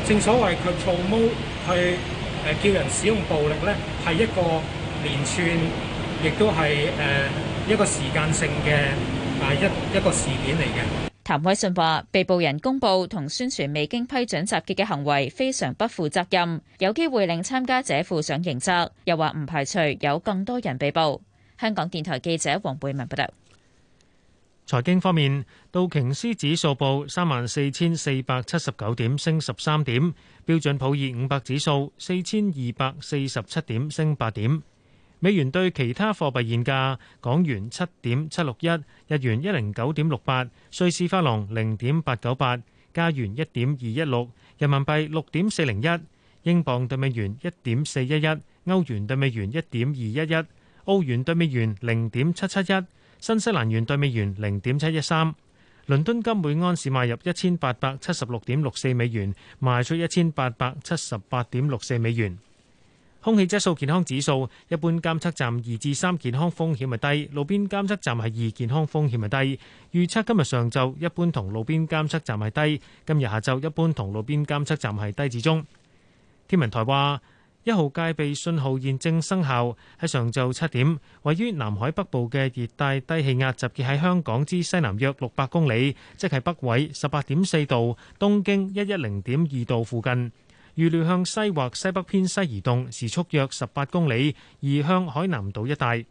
L: 正所謂佢 promote 去誒叫人使用暴力咧，係一個連串，亦都係誒、呃、一個時間性
A: 嘅啊、呃、一一個事件嚟嘅。
N: 譚威信話：被捕人公布同宣傳未經批准集結嘅行為非常不負責任，有機會令參加者負上刑責。又話唔排除有更多人被捕。香港電台記者黃貝文報道。
L: 財經方面，道瓊斯指數報三萬四千四百七十九點，升十三點；標準普爾五百指數四千二百四十七點，升八點。美元兌其他貨幣現價：港元七點七六一，日元一零九點六八，瑞士法郎零點八九八，加元一點二一六，人民幣六點四零一，英鎊對美元一點四一一，歐元對美元一點二一一，澳元對美元零點七七一，新西蘭元對美元零點七一三。倫敦金每安士賣入一千八百七十六點六四美元，賣出一千八百七十八點六四美元。空氣質素健康指數，一般監測站二至三，健康風險係低，路邊監測站係二，健康風險係低。預測今日上晝一般同路邊監測站係低，今日下晝一般同路邊監測站係低至中。天文台話，一號戒備信號現正生效，喺上晝七點，位於南海北部嘅熱帶低氣壓集結喺香港之西南約六百公里，即係北緯十八點四度、東經一一零點二度附近。預料向西或西北偏西移動，時速約十八公里，移向海南島一帶。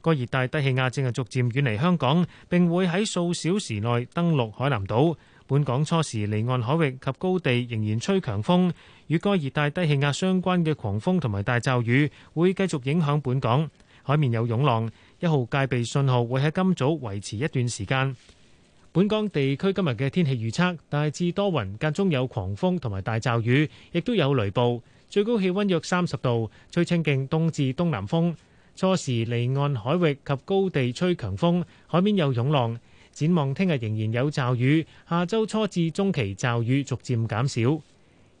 L: 該熱帶低氣壓正係逐漸遠離香港，並會喺數小時內登陸海南島。本港初時離岸海域及高地仍然吹強風，與該熱帶低氣壓相關嘅狂風同埋大驟雨會繼續影響本港。海面有湧浪，一號戒備信號會喺今早維持一段時間。本港地區今日嘅天氣預測，大致多雲間中有狂風同埋大驟雨，亦都有雷暴。最高氣溫約三十度，吹清勁東至東南風，初時離岸海域及高地吹強風，海面有湧浪。展望聽日仍然有驟雨，下周初至中期驟雨逐漸減少。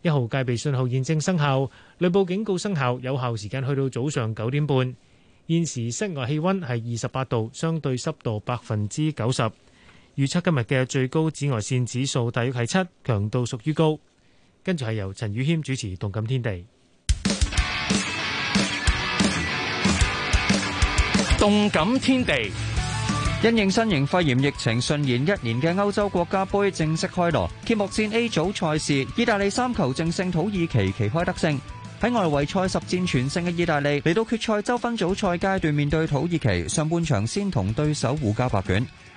L: 一號戒備信號現正生效，雷暴警告生效，有效時間去到早上九點半。現時室外氣溫係二十八度，相對濕度百分之九十。預測今日嘅最高紫外線指數大約係七，強度屬於高。跟住係由陳宇謙主持《動感天地》。《動感天地》因
K: 應新型肺炎疫情順延一年嘅歐洲國家杯正式開鑼。揭幕戰 A 組賽事，意大利三球淨勝土耳其，旗開得勝。喺外圍賽十戰全勝嘅意大利，嚟到決賽周分組賽階段，面對土耳其，上半場先同對手互交白卷。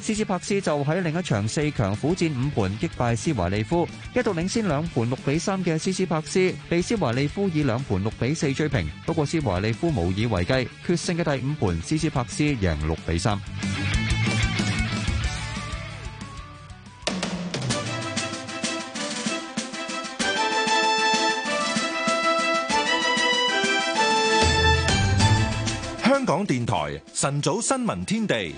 K: 斯斯帕斯就喺另一場四強苦戰五盤擊敗斯華利夫，一度領先兩盤六比三嘅斯斯帕斯，被斯華利夫以兩盤六比四追平。不過斯華利夫無以為繼，決勝嘅第五盤斯斯帕斯贏六比三。
A: 香港電台晨早新聞天地。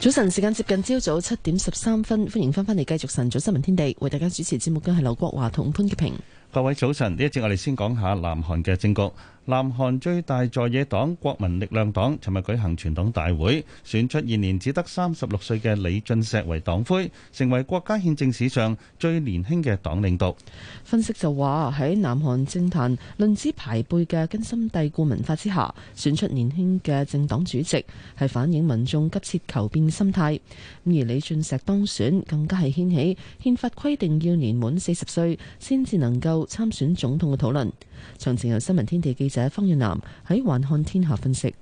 C: 早晨，時間接近朝早七點十三分，歡迎翻返嚟繼續晨早新聞天地，為大家主持節目嘅係劉國華同潘潔平。
D: 各位早晨，呢一節我哋先講下南韓嘅政局。南韓最大在野黨國民力量黨尋日舉行全黨大會選出現年只得三十六歲嘅李俊錫為黨魁，成為國家憲政史上最年輕嘅黨領導。
C: 分析就話喺南韓政壇論資排輩嘅根深蒂固文化之下，選出年輕嘅政黨主席係反映民眾急切求變心態，咁而李俊錫當選更加係掀起憲法規定要年滿四十歲先至能夠。參選總統嘅討論，詳情由新聞天地記者方若南喺《環看天，天下》分析。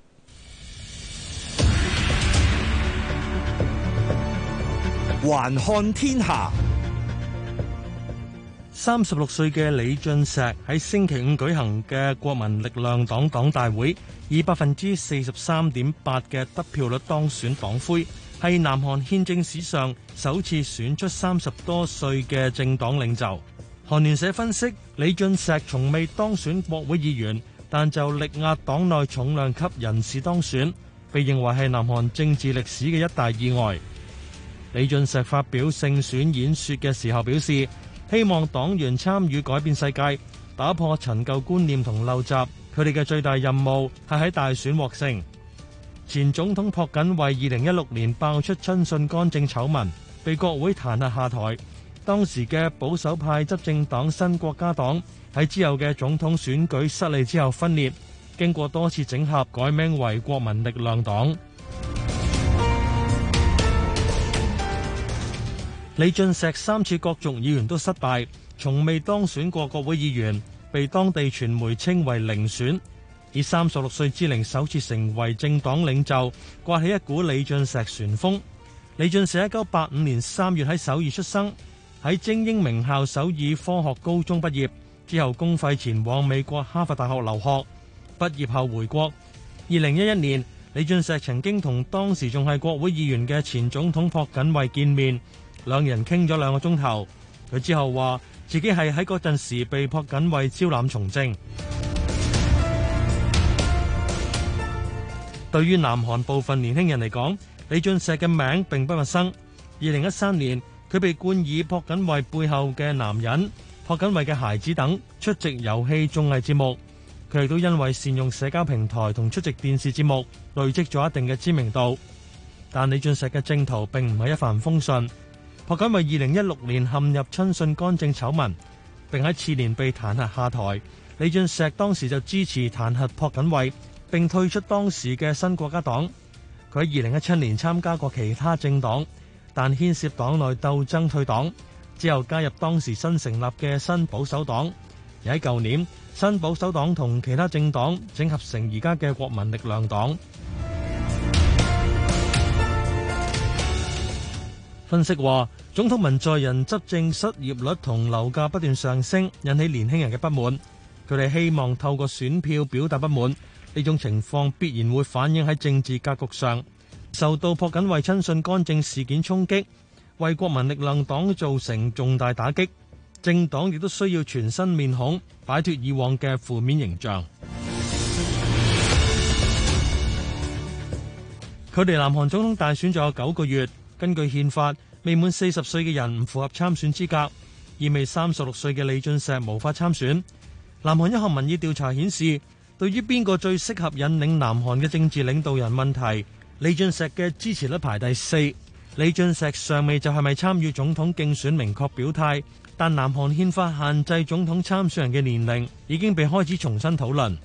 A: 環看天下，三十六歲嘅李俊錫喺星期五舉行嘅國民力量黨黨大會，以百分之四十三點八嘅得票率當選黨魁，係南韓憲政史上首次選出三十多歲嘅政黨領袖。韓聯社分析，李俊石從未當選國會議員，但就力壓黨內重量級人士當選，被認為係南韓政治歷史嘅一大意外。李俊石發表勝選演說嘅時候表示，希望黨員參與改變世界，打破陳舊觀念同陋習。佢哋嘅最大任務係喺大選獲勝。前總統朴槿惠二零一六年爆出親信干政醜聞，被國會彈劾下台。當時嘅保守派執政黨新國家黨喺之後嘅總統選舉失利之後分裂，經過多次整合改名為國民力量黨。李俊錫三次國族議員都失敗，從未當選過國會議員，被當地傳媒稱為零選。以三十六歲之齡首次成為政黨領袖，刮起一股李俊錫旋風。李俊錫一九八五年三月喺首爾出生。喺精英名校首爾科學高中畢業之後，公費前往美國哈佛大學留學。畢業後回國，二零一一年李俊石曾經同當時仲係國會議員嘅前總統朴槿惠見面，兩人傾咗兩個鐘頭。佢之後話自己係喺嗰陣時被朴槿惠招攬從政。對於南韓部分年輕人嚟講，李俊石嘅名並不陌生。二零一三年。佢被冠以朴槿惠背後嘅男人、朴槿惠嘅孩子等出席遊戲綜藝節目，佢亦都因為善用社交平台同出席電視節目累積咗一定嘅知名度。但李俊石嘅政途並唔係一帆風順。朴槿惠二零一六年陷入親信干政醜聞，並喺次年被彈劾下台。李俊石當時就支持彈劾朴槿惠，並退出當時嘅新國家黨。佢喺二零一七年參加過其他政黨。但牽涉黨內鬥爭退黨之後，加入當時新成立嘅新保守黨，而喺舊年新保守黨同其他政黨整合成而家嘅國民力量黨。分析話，總統文在寅執政，失業率同樓價不斷上升，引起年輕人嘅不滿。佢哋希望透過選票表達不滿，呢種情況必然會反映喺政治格局上。受到朴槿惠親信干政事件衝擊，為國民力量黨造成重大打擊，政黨亦都需要全新面孔，擺脫以往嘅負面形象。距離 南韓總統大選仲有九個月，根據憲法未滿四十歲嘅人唔符合參選資格，意味三十六歲嘅李俊錫無法參選。南韓一項民意調查顯示，對於邊個最適合引領南韓嘅政治領導人問題。李俊石嘅支持率排第四。李俊石尚未就係咪參與總統競選明確表態，但南韓憲法限制總統參選人嘅年齡，已經被開始重新討論。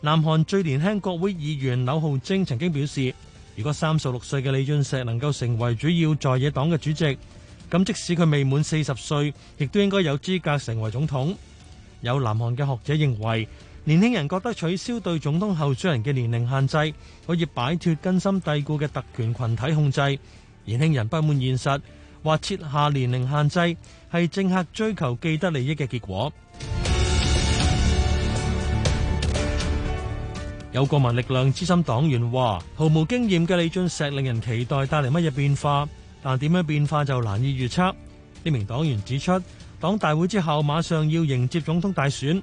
A: 南韓最年輕國會議員柳浩貞曾經表示，如果三十六歲嘅李俊石能夠成為主要在野黨嘅主席，咁即使佢未滿四十歲，亦都應該有資格成為總統。有南韓嘅學者認為。年輕人覺得取消對總統候選人嘅年齡限制，可以擺脫根深蒂固嘅特權群體控制。年輕人不滿現實，或設下年齡限制係政客追求既得利益嘅結果。 有國民力量資深黨員話：毫無經驗嘅李俊石令人期待帶嚟乜嘢變化，但點樣變化就難以預測。呢名黨員指出，黨大會之後馬上要迎接總統大選。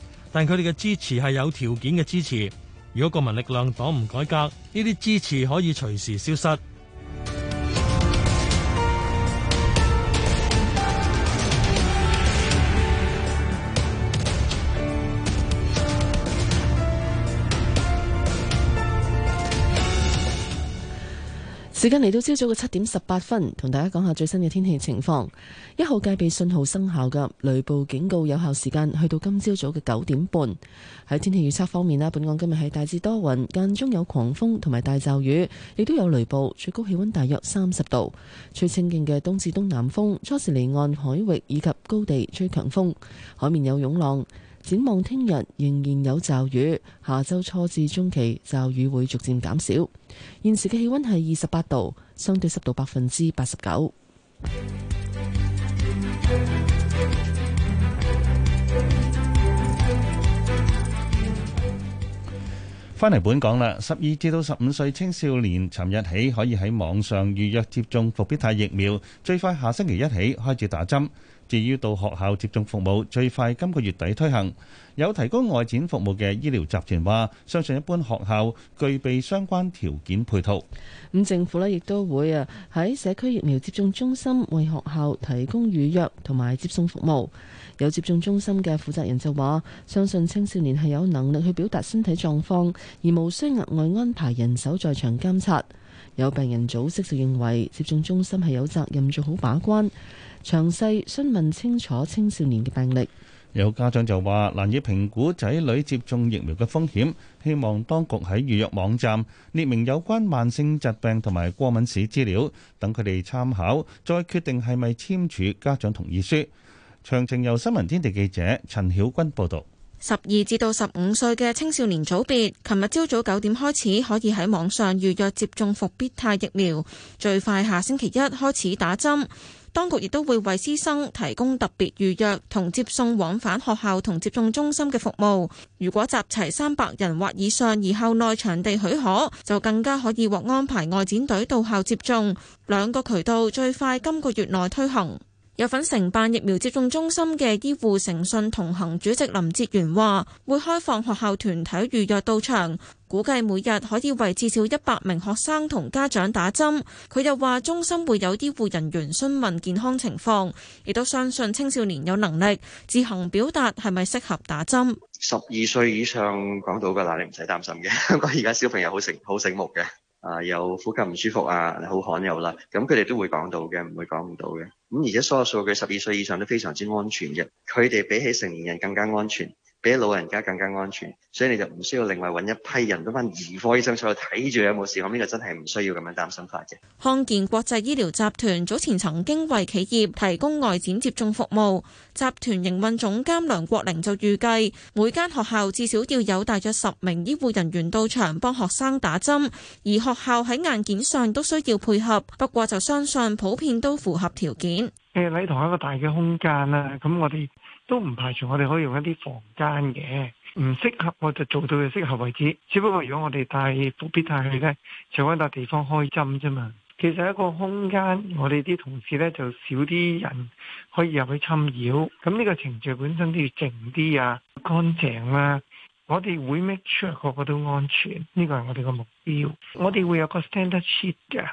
A: 但佢哋嘅支持係有條件嘅支持，如果國民力量黨唔改革，呢啲支持可以隨時消失。
C: 時間嚟到朝早嘅七點十八分，同大家講下最新嘅天氣情況。一號戒備信號生效嘅雷暴警告有效時間去到今朝早嘅九點半。喺天氣預測方面啦，本港今日係大致多雲，間中有狂風同埋大驟雨，亦都有雷暴，最高氣溫大約三十度。吹清勁嘅東至東南風，初時離岸海域以及高地吹強風，海面有湧浪。展望聽日仍然有驟雨，下周初至中期驟雨會逐漸減少。現時嘅氣溫係二十八度，相對濕度百分之八十九。
D: 翻嚟本港啦，十二至到十五歲青少年尋日起可以喺網上預約接種伏必泰疫苗，最快下星期一起開始打針。至於到學校接種服務，最快今個月底推行。有提供外展服務嘅醫療集團話：相信一般學校具備相關條件配套。
C: 咁政府呢亦都會啊喺社區疫苗接種中心為學校提供預約同埋接送服務。有接種中心嘅負責人就話：相信青少年係有能力去表達身體狀況，而無需額外安排人手在場監察。有病人組織就認為接種中心係有責任做好把關。詳細詢問清楚青少年嘅病歷，有
D: 家長就話難以評估仔女接種疫苗嘅風險，希望當局喺預約網站列明有關慢性疾病同埋過敏史資料，等佢哋參考，再決定係咪簽署家長同意書。詳情由新聞天地記者陳曉君報道。
O: 十二至到十五歲嘅青少年組別，琴日朝早九點開始可以喺網上預約接種復必泰疫苗，最快下星期一開始打針。當局亦都會為師生提供特別預約同接送往返學校同接種中心嘅服務。如果集齊三百人或以上，而校內場地許可，就更加可以獲安排外展隊到校接種。兩個渠道最快今個月內推行。有份承辦疫苗接種中心嘅醫護誠信同行主席林哲源話，會開放學校團體預約到場。估計每日可以為至少一百名學生同家長打針。佢又話：中心會有醫護人員詢問健康情況，亦都相信青少年有能力自行表達係咪適合打針。
K: 十二歲以上講到㗎喇，你唔使擔心嘅。香港而家小朋友好醒好醒目嘅，啊有呼吸唔舒服啊，好罕有啦。咁佢哋都會講到嘅，唔會講唔到嘅。咁而且所有數據十二歲以上都非常之安全嘅，佢哋比起成年人更加安全。俾老人家更加安全，所以你就唔需要另外揾一批人都翻兒科醫生出去睇住有冇事，我呢個真係唔需要咁樣擔心法啫。
O: 康健國際醫療集團早前曾經為企業提供外展接種服務，集團營運總監梁國玲就預計每間學校至少要有大約十名醫護人員到場幫學生打針，而學校喺硬件上都需要配合，不過就相信普遍都符合條件。
K: 誒，你同一個大嘅空間啦，咁我哋。都唔排除我哋可以用一啲房間嘅，唔適合我就做到佢適合為止。只不過如果我哋帶伏必帶去呢，就揾笪地方開針啫嘛。其實一個空間，我哋啲同事呢就少啲人可以入去侵擾。咁呢個程序本身都要靜啲啊，乾淨啦、啊。我哋會 make sure 個個都安全，呢個係我哋個目標。我哋會有個 standard sheet 嘅。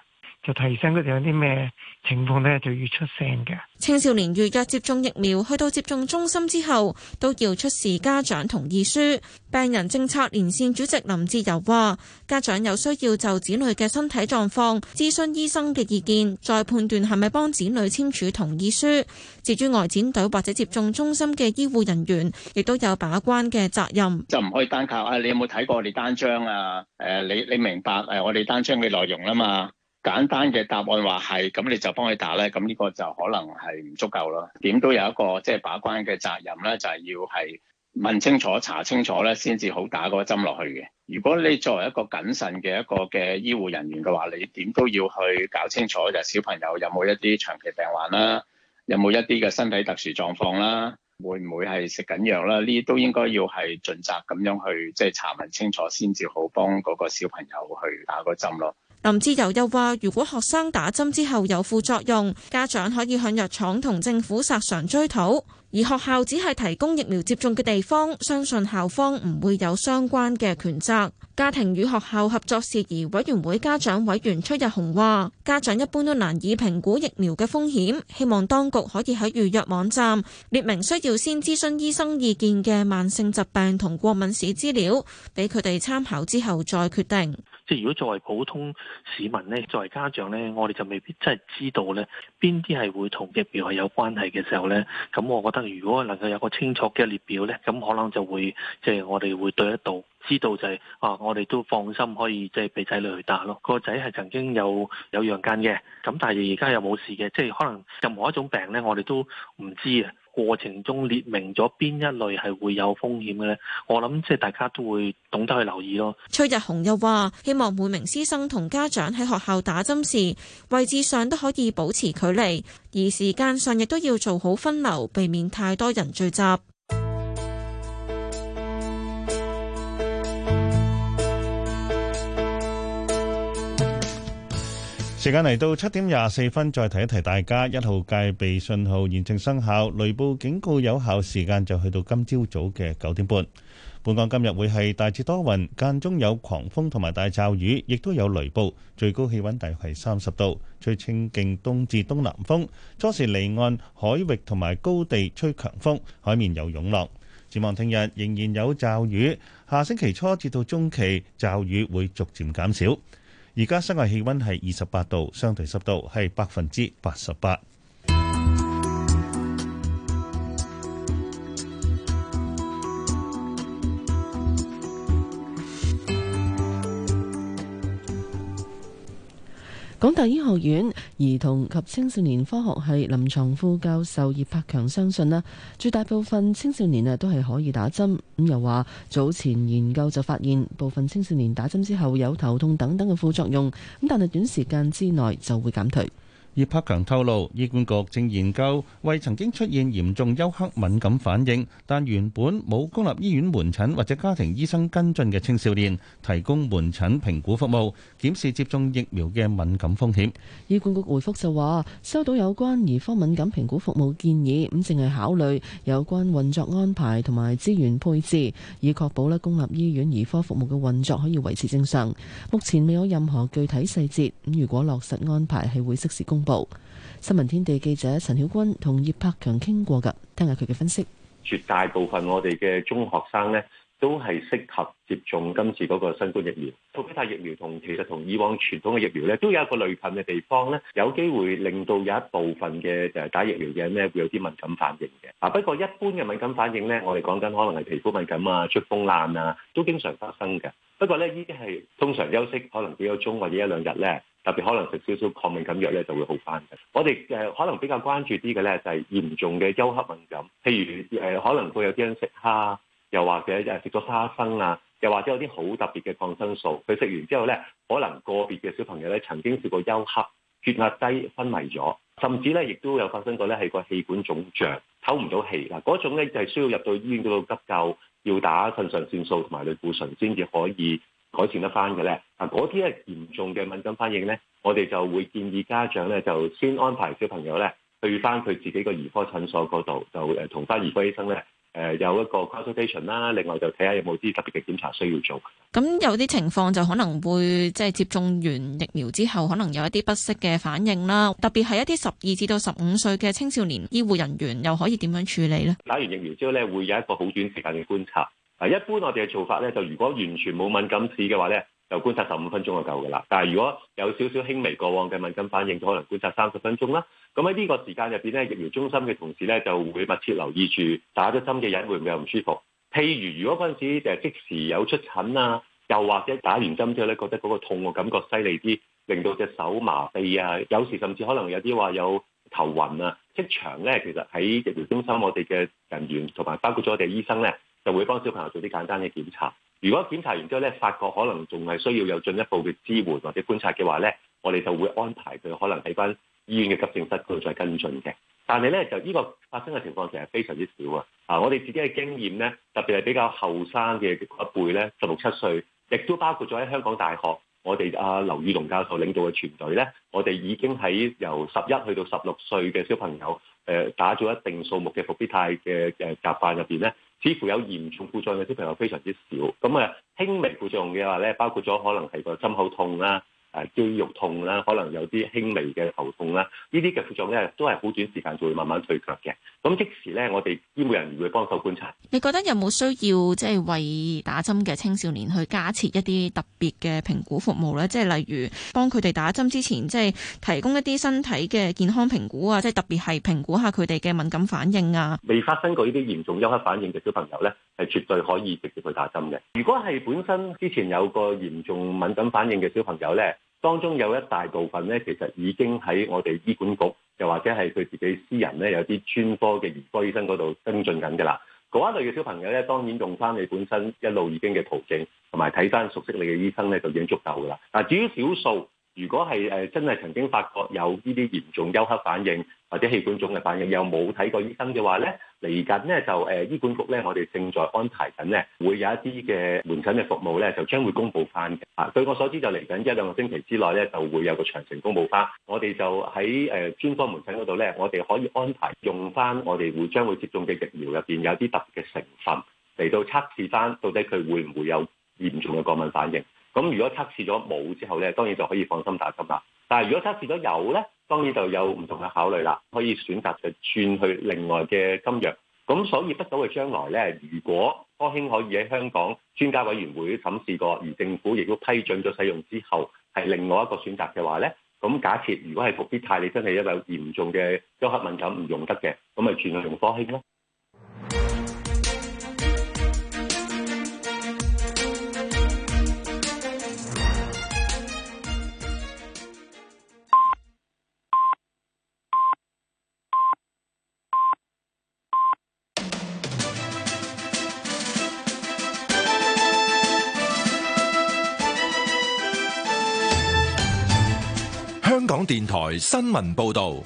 K: 就提醒佢哋有啲咩情況咧，就要出聲嘅。
O: 青少年預約接種疫苗，去到接種中心之後都要出示家長同意書。病人政策連線主席林志柔話，家長有需要就子女嘅身體狀況諮詢醫生嘅意見，再判斷係咪幫子女簽署同意書。至於外展隊或者接種中心嘅醫護人員亦都有把關嘅責任，
P: 就唔可以單靠。啊！你有冇睇過我哋單張啊？誒，你你明白誒，我哋單張嘅內容啊嘛？簡單嘅答案話係，咁你就幫佢打咧，咁呢個就可能係唔足夠咯。點都有一個即係、就是、把關嘅責任咧，就係、是、要係問清楚、查清楚咧，先至好打嗰針落去嘅。如果你作為一個謹慎嘅一個嘅醫護人員嘅話，你點都要去搞清楚，就係小朋友有冇一啲長期病患啦，有冇一啲嘅身體特殊狀況啦，會唔會係食緊藥啦？呢都應該要係盡責咁樣去即係、就是、查問清楚，先至好幫嗰個小朋友去打嗰針咯。
O: 林志游又話：如果學生打針之後有副作用，家長可以向藥廠同政府索償追討。而學校只係提供疫苗接種嘅地方，相信校方唔會有相關嘅權責。家庭與學校合作事宜委員會家長委員崔日雄話：家長一般都難以評估疫苗嘅風險，希望當局可以喺預約網站列明需要先諮詢醫生意見嘅慢性疾病同過敏史資料，俾佢哋參考之後再決定。
A: 即係如果作為普通市民咧，作為家長咧，我哋就未必真係知道咧邊啲係會同疫苗係有關係嘅時候咧。咁我覺得如果能夠有個清楚嘅列表咧，咁可能就會即係、就是、我哋會對得到，知道就係、是、啊，我哋都放心可以即係俾仔女去打咯。個仔係曾經有有羊癇嘅，咁但係而家又冇事嘅，即係可能任何一種病咧，我哋都唔知啊。過程中列明咗邊一類係會有風險嘅呢？我諗即係大家都會懂得去留意咯。
O: 崔日紅又話：希望每名師生同家長喺學校打針時，位置上都可以保持距離，而時間上亦都要做好分流，避免太多人聚集。
D: 時間嚟到七點廿四分，再提一提大家，一號戒備信號現正生效，雷暴警告有效時間就去到今朝早嘅九點半。本港今日會係大致多雲，間中有狂風同埋大驟雨，亦都有雷暴，最高氣温大約係三十度，吹清勁東至東南風，初時離岸海域同埋高地吹強風，海面有湧浪。展望聽日仍然有驟雨，下星期初至到中期驟雨會逐漸減少。而家室外氣溫係二十八度，相對濕度係百分之八十八。
C: 港大醫學院兒童及青少年科學系臨床副教授葉柏強相信啦，絕大部分青少年啊都係可以打針，咁又話早前研究就發現部分青少年打針之後有頭痛等等嘅副作用，咁但係短時間之內就會減退。
D: 葉柏強透露，醫管局正研究為曾經出現嚴重休克敏感反應，但原本冇公立醫院門診或者家庭醫生跟進嘅青少年，提供門診評估服務，檢視接種疫苗嘅敏感風險。
C: 醫管局回覆就話，收到有關兒科敏感評估服務建議，咁淨係考慮有關運作安排同埋資源配置，以確保咧公立醫院兒科服務嘅運作可以維持正常。目前未有任何具體細節，咁如果落實安排係會適時公。報新聞天地記者陳曉君同葉柏強傾過㗎，聽下佢嘅分析。
I: 絕大部分我哋嘅中學生呢都係適合接種今次嗰個新冠疫苗。復必泰疫苗同其實同以往傳統嘅疫苗呢都有一個類近嘅地方呢，有機會令到有一部分嘅就係、是、打疫苗嘅人呢會有啲敏感反應嘅。啊，不過一般嘅敏感反應呢，我哋講緊可能係皮膚敏感啊、出風爛啊，都經常發生嘅。不過咧，呢啲係通常休息可能幾個鐘或者一兩日咧，特別可能食少少抗敏感藥咧就會好翻嘅。我哋誒、呃、可能比較關注啲嘅咧，就係、是、嚴重嘅休克敏感，譬如誒、呃、可能會有啲人食蝦，又或者誒食咗花生啊，又或者有啲好特別嘅抗生素，佢食完之後咧，可能個別嘅小朋友咧曾經試過休克、血壓低、昏迷咗，甚至咧亦都有發生過咧係個氣管腫脹。唞唔到氣嗱，嗰種咧就係需要入到醫院嗰度急救，要打腎上腺素同埋類固醇先至可以改善得翻嘅咧。嗱，嗰啲咧嚴重嘅敏感反應咧，我哋就會建議家長咧就先安排小朋友咧去翻佢自己個兒科診所嗰度，就誒同翻兒科醫生咧。誒有一個 consultation 啦，另外就睇下有冇啲特別嘅檢查需要做。
O: 咁有啲情況就可能會即係接種完疫苗之後，可能有一啲不適嘅反應啦。特別係一啲十二至到十五歲嘅青少年，醫護人員又可以點樣處理咧？
I: 打完疫苗之後咧，會有一個好短時間嘅觀察。啊，一般我哋嘅做法咧，就如果完全冇敏感史嘅話咧。就觀察十五分鐘就夠㗎啦，但係如果有少少輕微過往嘅敏感反應，就可能觀察三十分鐘啦。咁喺呢個時間入邊咧，疫苗中心嘅同事咧就會密切留意住打咗針嘅人會唔會有唔舒服。譬如如果嗰陣時就即時有出疹啊，又或者打完針之後咧覺得嗰個痛嘅感覺犀利啲，令到隻手麻痹啊，有時甚至可能有啲話有頭暈啊。即場咧其實喺疫苗中心，我哋嘅人員同埋包括咗我哋醫生咧，就會幫小朋友做啲簡單嘅檢查。如果檢查完之後咧，發覺可能仲係需要有進一步嘅支援或者觀察嘅話咧，我哋就會安排佢可能喺返醫院嘅急症室嗰度再跟進嘅。但係咧，就呢個發生嘅情況其實非常之少啊！啊，我哋自己嘅經驗咧，特別係比較後生嘅一輩咧，十六七歲，亦都包括咗喺香港大學，我哋阿、啊、劉宇龍教授領導嘅團隊咧，我哋已經喺由十一去到十六歲嘅小朋友，誒、呃、打咗一定數目嘅復必泰嘅誒、呃、習慣入邊咧。似乎有嚴重副作用嘅小朋友非常之少，咁啊輕微副作用嘅話咧，包括咗可能係個心口痛啦。誒肌肉痛啦，可能有啲輕微嘅頭痛啦，呢啲嘅副作用咧都係好短時間就會慢慢退卻嘅。咁即時咧，我哋醫護人員會幫手觀察。
O: 你覺得有冇需要即係、就是、為打針嘅青少年去加設一啲特別嘅評估服務咧？即、就、係、是、例如幫佢哋打針之前，即、就、係、是、提供一啲身體嘅健康評估啊，即、就、係、是、特別係評估下佢哋嘅敏感反應啊。
I: 未發生過呢啲嚴重休克反應嘅小朋友咧，係絕對可以直接去打針嘅。如果係本身之前有個嚴重敏感反應嘅小朋友呢，當中有一大部分呢，其實已經喺我哋醫管局，又或者係佢自己私人呢，有啲專科嘅兒科醫生嗰度跟進緊㗎啦。嗰一類嘅小朋友呢，當然用翻你本身一路已經嘅途徑，同埋睇翻熟悉你嘅醫生呢，就已經足夠㗎啦。嗱，至於少數， 如果係誒真係曾經發覺有呢啲嚴重休克反應或者器官腫嘅反應，又冇睇過醫生嘅話呢，嚟緊呢，就誒醫管局呢，我哋正在安排緊呢，會有一啲嘅門診嘅服務呢，就將會公佈翻嘅。啊，據我所知就嚟緊一兩個星期之內呢，就會有個詳情公佈翻。我哋就喺誒、呃、專科門診嗰度呢，我哋可以安排用翻我哋會將會接種嘅疫苗入邊有啲特別嘅成分嚟到測試翻，到底佢會唔會有嚴重嘅過敏反應。咁如果測試咗冇之後呢，當然就可以放心打針啦。但係如果測試咗有呢，當然就有唔同嘅考慮啦，可以選擇就轉去另外嘅針藥。咁所以不久嘅將來呢，如果科興可以喺香港專家委員會審視過，而政府亦都批准咗使用之後，係另外一個選擇嘅話呢，咁假設如果係復必泰，你真係有嚴重嘅休克敏感唔用得嘅，咁咪轉去用科興咯。
A: 電台新聞報道：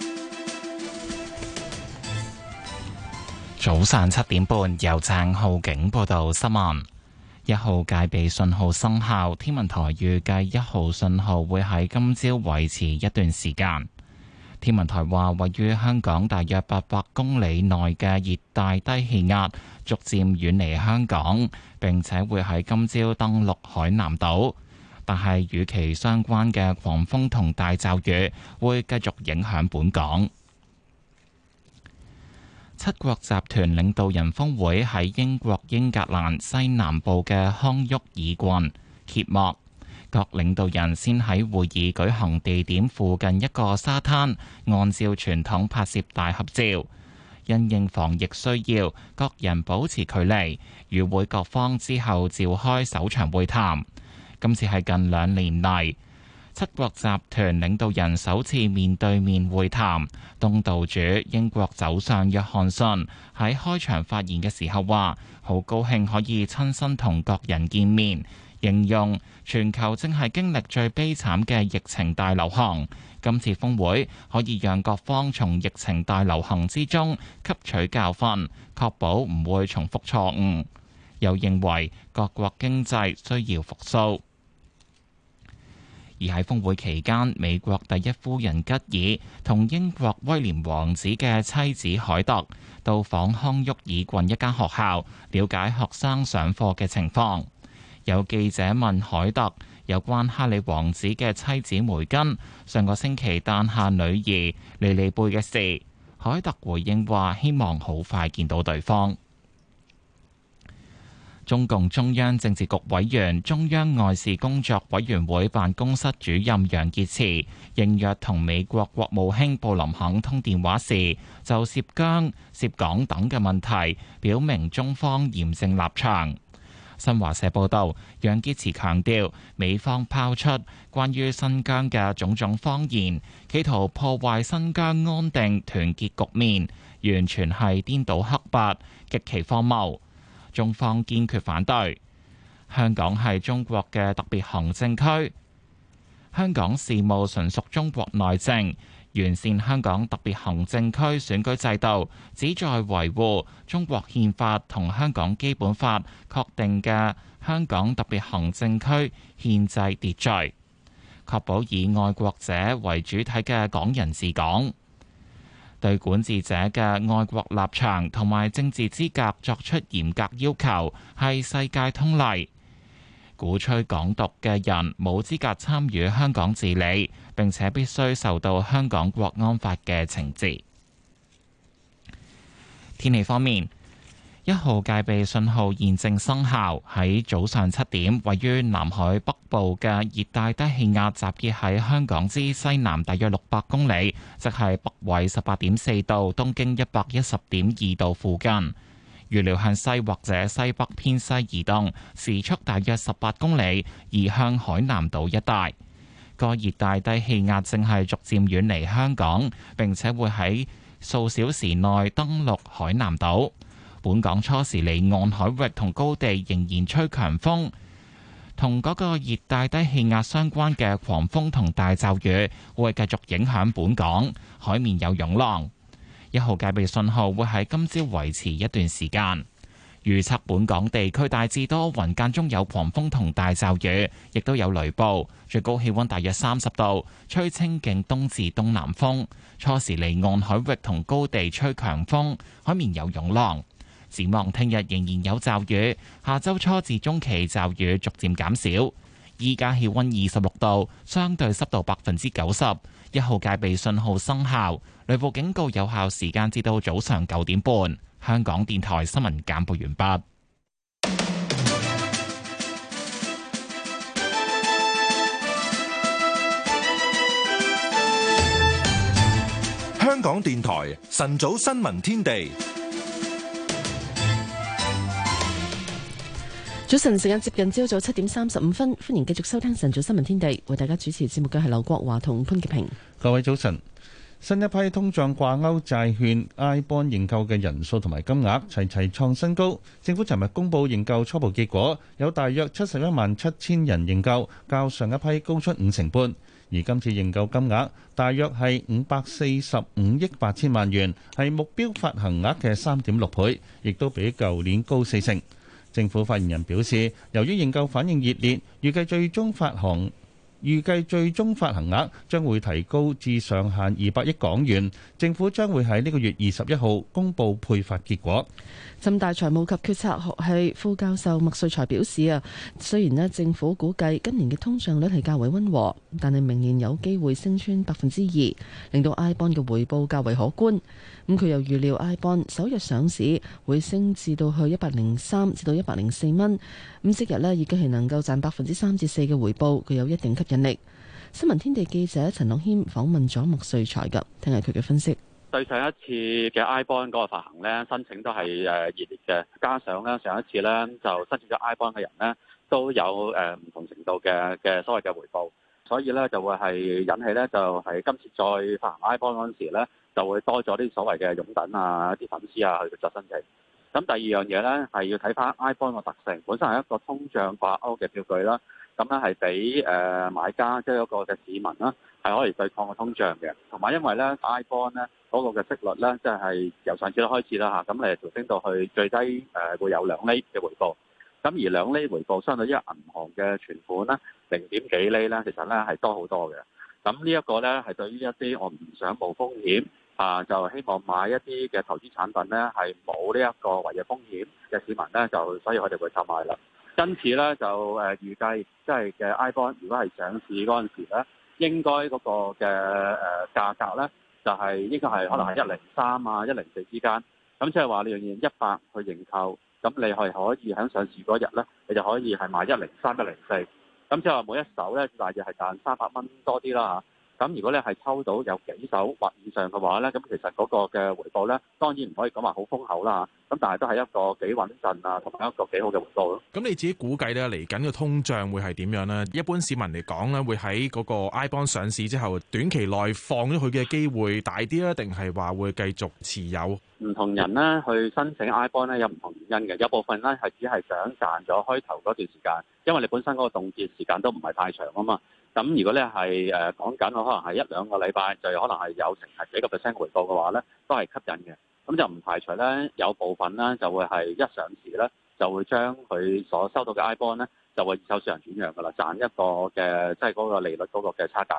H: 早上七點半，由鄭浩景報道新聞。十萬一號戒備信號生效，天文台預計一號信號會喺今朝維持一段時間。天文台話，位於香港大約八百公里內嘅熱帶低氣壓逐漸遠離香港，並且會喺今朝登陸海南島。但係，與其相關嘅狂風同大驟雨會繼續影響本港。七國集團領導人峰會喺英國英格蘭西南部嘅康沃爾郡揭幕，各領導人先喺會議舉行地點附近一個沙灘，按照傳統拍攝大合照。因應防疫需要，各人保持距離。與會各方之後召開首場會談。今次係近兩年嚟七國集團領導人首次面對面會談，東道主英國首相約翰遜喺開場發言嘅時候話：好高興可以親身同各人見面，形容全球正係經歷最悲慘嘅疫情大流行。今次峰會可以讓各方從疫情大流行之中吸取教訓，確保唔會重複錯誤。又認為各國經濟需要復甦。而喺峰會期間，美國第一夫人吉爾同英國威廉王子嘅妻子凱特到訪康沃爾郡一間學校，了解學生上課嘅情況。有記者問凱特有關哈里王子嘅妻子梅根上個星期誕下女兒莉莉貝嘅事，凱特回應話：希望好快見到對方。中共中央政治局委員、中央外事工作委員會辦公室主任楊潔篪應約同美國國務卿布林肯通電話時，就涉疆、涉港等嘅問題表明中方嚴正立場。新華社報道，楊潔篪強調美方拋出關於新疆嘅種種謊言，企圖破壞新疆安定團結局面，完全係顛倒黑白，極其荒謬。中方堅決反對，香港係中國嘅特別行政區，香港事務純屬中國內政。完善香港特別行政區選舉制度，旨在維護中國憲法同香港基本法確定嘅香港特別行政區憲制秩序，確保以愛國者為主體嘅港人治港。對管治者嘅愛國立場同埋政治資格作出嚴格要求，係世界通例。鼓吹港獨嘅人冇資格參與香港治理，並且必須受到香港國安法嘅懲治。天氣方面。一號戒備信號現正生效。喺早上七點，位於南海北部嘅熱帶低氣壓集結喺香港之西南，大約六百公里，即係北緯十八點四度、東經一百一十點二度附近。預料向西或者西北偏西移動，時速大約十八公里，移向海南島一帶。個熱帶低氣壓正係逐漸遠離香港，並且會喺數小時內登陸海南島。本港初時離岸海域同高地仍然吹強風，同嗰個熱帶低氣壓相關嘅狂風同大驟雨會繼續影響本港，海面有湧浪，一號戒備信號會喺今朝維持一段時間。預測本港地區大致多雲，間中有狂風同大驟雨，亦都有雷暴，最高氣溫大約三十度，吹清勁東至東南風。初時離岸海域同高地吹強風，海面有湧浪。展望聽日仍然有驟雨，下周初至中期驟雨逐漸減少。依家氣溫二十六度，相對濕度百分之九十，一號戒備信號生效，雷暴警告有效時間至到早上九點半。香港電台新聞簡報完畢。
A: 香港電台晨早新聞天地。
C: 早晨，時間接近朝早七點三十五分，歡迎繼續收聽晨早新聞天地，為大家主持節目嘅係劉國華同潘潔平。
D: 各位早晨，
C: 新一批通脹
D: 掛鈎債券 iBond 認購嘅人數同埋金額齊齊創新高。政府尋日公布認購初步結果，有大約七十一萬七千人認購，較上一批高出五成半。而今次認購金額大約係五百四十五億八千萬元，係目標發行額嘅三點六倍，亦都比舊年高四成。政府發言人表示，由於認購反應熱烈，預計最終發行預計最終發行額將會提高至上限二百億港元。政府將會喺呢個月二十一號公佈配發結果。
C: 浸大財務及決策學系副教授麥瑞才表示啊，雖然咧政府估計今年嘅通脹率係較為溫和，但係明年有機會升穿百分之二，令到 iBond 嘅回報較為可觀。咁佢又預料 iBond 首日上市會升至到去一百零三至到一百零四蚊，咁即日咧已經係能夠賺百分之三至四嘅回報，具有一定吸引力。新聞天地記者陳樂軒訪問咗麥瑞才嘅，聽下佢嘅分析。
P: 對上一次嘅 I bond 嗰個發行咧，申請都係誒熱烈嘅，加上咧上一次咧就申請咗 I bond 嘅人咧都有誒唔同程度嘅嘅所謂嘅回報，所以咧就會係引起咧就係今次再發行 I bond 嗰陣時咧就會多咗啲所謂嘅擁躉啊、一啲粉絲啊去做申請。咁第二樣嘢咧係要睇返 I bond 嘅特性，本身係一個通脹掛鈎嘅票據啦，咁咧係俾誒買家即係一個嘅市民啦係可以對抗個通脹嘅，同埋因為咧 I bond 咧。嗰個嘅息率咧，即係由上次開始啦嚇，咁誒上升到去最低誒、啊、會有兩厘嘅回報。咁、啊、而兩厘回報相對於銀行嘅存款咧，零點幾厘咧，其實咧係多好多嘅。咁、啊這個、呢一個咧係對於一啲我唔想冒風險啊，就希望買一啲嘅投資產品咧，係冇呢一個違約風險嘅市民咧，就所以我哋會購買啦。因此咧就誒預計即係嘅 iBond 如果係上市嗰陣時咧，應該嗰個嘅誒價格咧。就係應該係可能係一零三啊一零四之間，咁即係話你樣嘢一百去認購，咁你係可以喺上市嗰日咧，你就可以係賣一零三一零四，咁即係話每一手咧大約係賺三百蚊多啲啦嚇。咁如果你係抽到有幾手或以上嘅話咧，咁其實嗰個嘅回報咧，當然唔可以講話好豐厚啦。咁但係都係一個幾穩陣啊，同埋一個幾好嘅回報咯。
J: 咁你自己估計咧，嚟緊嘅通脹會係點樣咧？一般市民嚟講咧，會喺嗰個 iBond 上市之後，短期內放咗佢嘅機會大啲咧，定係話
P: 會繼續持有？唔同人咧去申請 I bond 咧有唔同原因嘅，有部分咧係只係想賺咗開頭嗰段時間，因為你本身嗰個凍結時間都唔係太長啊嘛。咁如果咧係誒講緊，可能係一兩個禮拜，就可能係有成係幾個 percent 回報嘅話咧，都係吸引嘅。咁就唔排除咧，有部分咧就會係一上市咧就會將佢所收到嘅 I bond 咧就會二手市場轉讓噶啦，賺一個嘅即係嗰個利率嗰個嘅差價。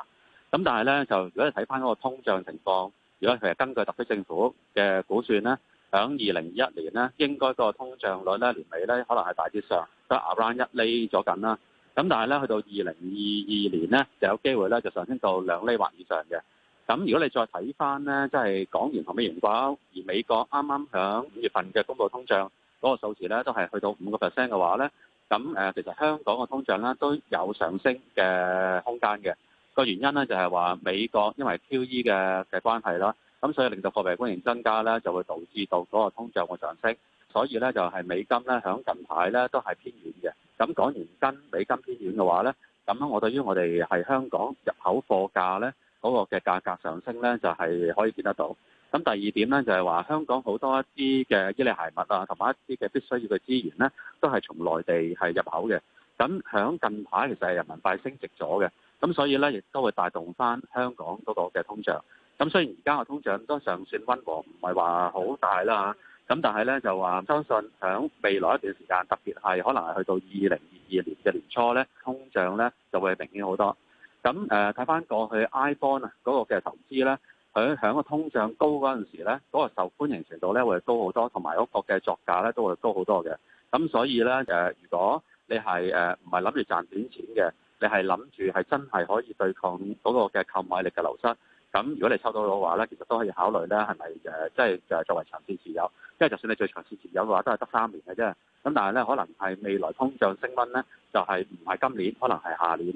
P: 咁但係咧就如果你睇翻嗰個通脹情況。如果係根據特區政府嘅估算咧，響二零二一年咧，應該個通脹率咧年尾咧可能係大致上，即係 around 一厘左近啦。咁但係咧，去到二零二二年咧，就有機會咧就上升到兩厘或以上嘅。咁如果你再睇翻咧，即係港元同美元，而美國啱啱響五月份嘅公布通脹嗰、那個數字咧，都係去到五個 percent 嘅話咧，咁誒其實香港嘅通脹咧都有上升嘅空間嘅。個原因咧就係、是、話美國因為 QE 嘅嘅關係啦。咁所以令到貨幣供應增加咧，就會導致到嗰個通脹嘅上升。所以咧就係美金咧，響近排咧都係偏軟嘅。咁講完跟美金偏軟嘅話咧，咁我對於我哋係香港入口貨價咧嗰個嘅價格上升咧，就係可以見得到。咁第二點咧就係話香港好多一啲嘅衣類鞋物啊，同埋一啲嘅必須要嘅資源咧，都係從內地係入口嘅。咁響近排其實係人民幣升值咗嘅，咁所以咧亦都會帶動翻香港嗰個嘅通脹。咁雖然而家個通脹都尚算溫和，唔係話好大啦嚇。咁但係咧就話相信喺未來一段時間，特別係可能係去到二零二二年嘅年初咧，通脹咧就會明顯好多。咁誒睇翻過去，I Bond 啊嗰個嘅投資咧，佢喺個通脹高嗰陣時咧，嗰個受歡迎程度咧會高好多，同埋屋角嘅作價咧都會高好多嘅。咁所以咧誒，如果你係誒唔係諗住賺短錢嘅，你係諗住係真係可以對抗嗰個嘅購買力嘅流失。咁如果你抽到嘅話咧，其實都可以考慮咧，係咪誒，即係就係作為長線持有，因為就算你做長線持有嘅話，都係得三年嘅啫。咁但係咧，可能係未來通脹升溫咧，就係唔係今年，可能係下年。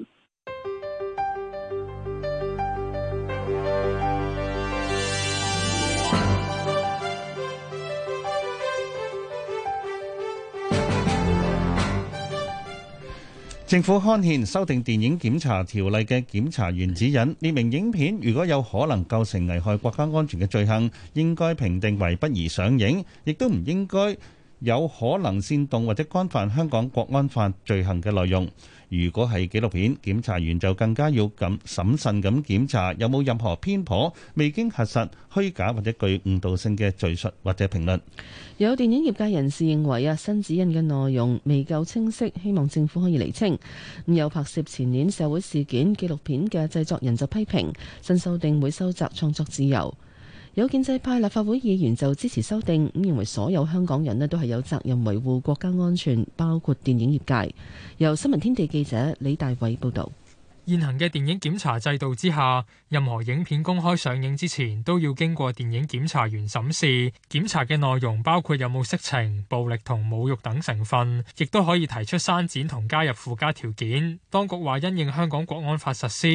D: 政府刊憲修訂電影檢查條例嘅檢查員指引，列明影片如果有可能構成危害國家安全嘅罪行，應該評定為不宜上映，亦都唔應該有可能煽動或者干犯香港國安法罪行嘅內容。如果係紀錄片，檢查員就更加要咁審慎咁檢查有冇任何偏頗、未經核實、虛假或者具誤導性嘅敘述或者評論。
C: 有電影業界人士認為啊，新指引嘅內容未夠清晰，希望政府可以釐清。有拍攝前年社會事件紀錄片嘅製作人就批評新修訂會收窄創作自由。有建制派立法會議員就支持修訂，咁認為所有香港人呢都係有責任維護國家安全，包括電影業界。由新聞天地記者李大偉報導。
J: 現行嘅電影檢查制度之下，任何影片公開上映之前都要經過電影檢查員審視。檢查嘅內容包括有冇色情、暴力同侮辱等成分，亦都可以提出刪剪同加入附加條件。當局話，因應香港國安法實施，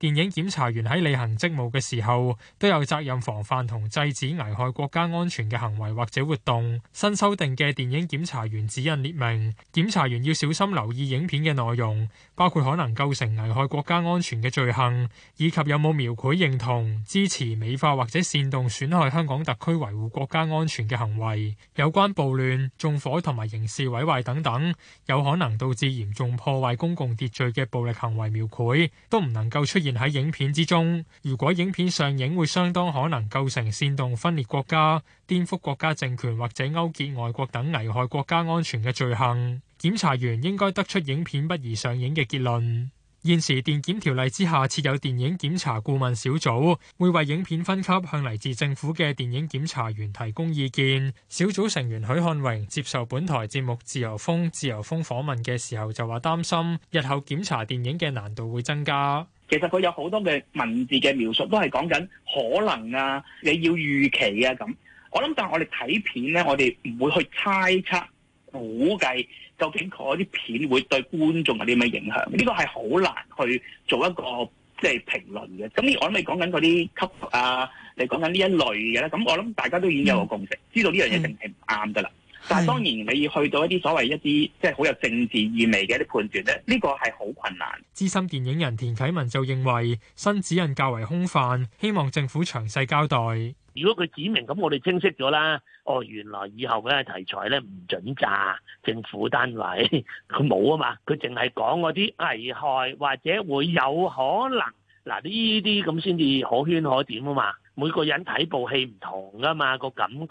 J: 電影檢查員喺履行職務嘅時候都有責任防範同制止危害國家安全嘅行為或者活動。新修訂嘅電影檢查員指引列明，檢查員要小心留意影片嘅內容，包括可能構成危害國國家安全嘅罪行，以及有冇描繪認同、支持美化或者煽動損害香港特區維護國家安全嘅行為，有關暴亂、縱火同埋刑事毀壞等等，有可能導致嚴重破壞公共秩序嘅暴力行為描繪，都唔能夠出現喺影片之中。如果影片上映會相當可能構成煽動分裂國家、顛覆國家政權或者勾結外國等危害國家安全嘅罪行。檢查員應該得出影片不宜上映嘅結論。現時電檢條例之下設有電影檢查顧問小組，會為影片分級向嚟自政府嘅電影檢查員提供意見。小組成員許漢榮接受本台節目《自由風》自由風訪問嘅時候就話：擔心日後檢查電影嘅難度會增加。
P: 其實佢有好多嘅文字嘅描述都係講緊可能啊，你要預期啊，咁。我諗但係我哋睇片呢，我哋唔會去猜測、估計。究竟嗰啲片會對觀眾有啲咩影響，呢、這個係好難去做一個即係評論嘅。咁、嗯、而我諗你講緊嗰啲級啊，你講緊呢一類嘅咧，咁我諗大家都已經有個共識，知道呢樣嘢定係唔啱㗎啦。但係當然你要去到一啲所謂一啲即係好有政治意味嘅一啲判斷咧，呢、這個係好困難。
J: 資深電影人田啟文就認為新指引較為空泛，希望政府詳細交代。如果佢
L: 指明咁，我哋清晰咗啦。哦，原來以後嘅題材咧唔準炸政府單位，佢冇啊嘛。佢淨係講嗰啲危害或者會有
A: 可能嗱呢啲咁先至可圈可點啊嘛。每個人睇部戲唔同噶嘛，個感覺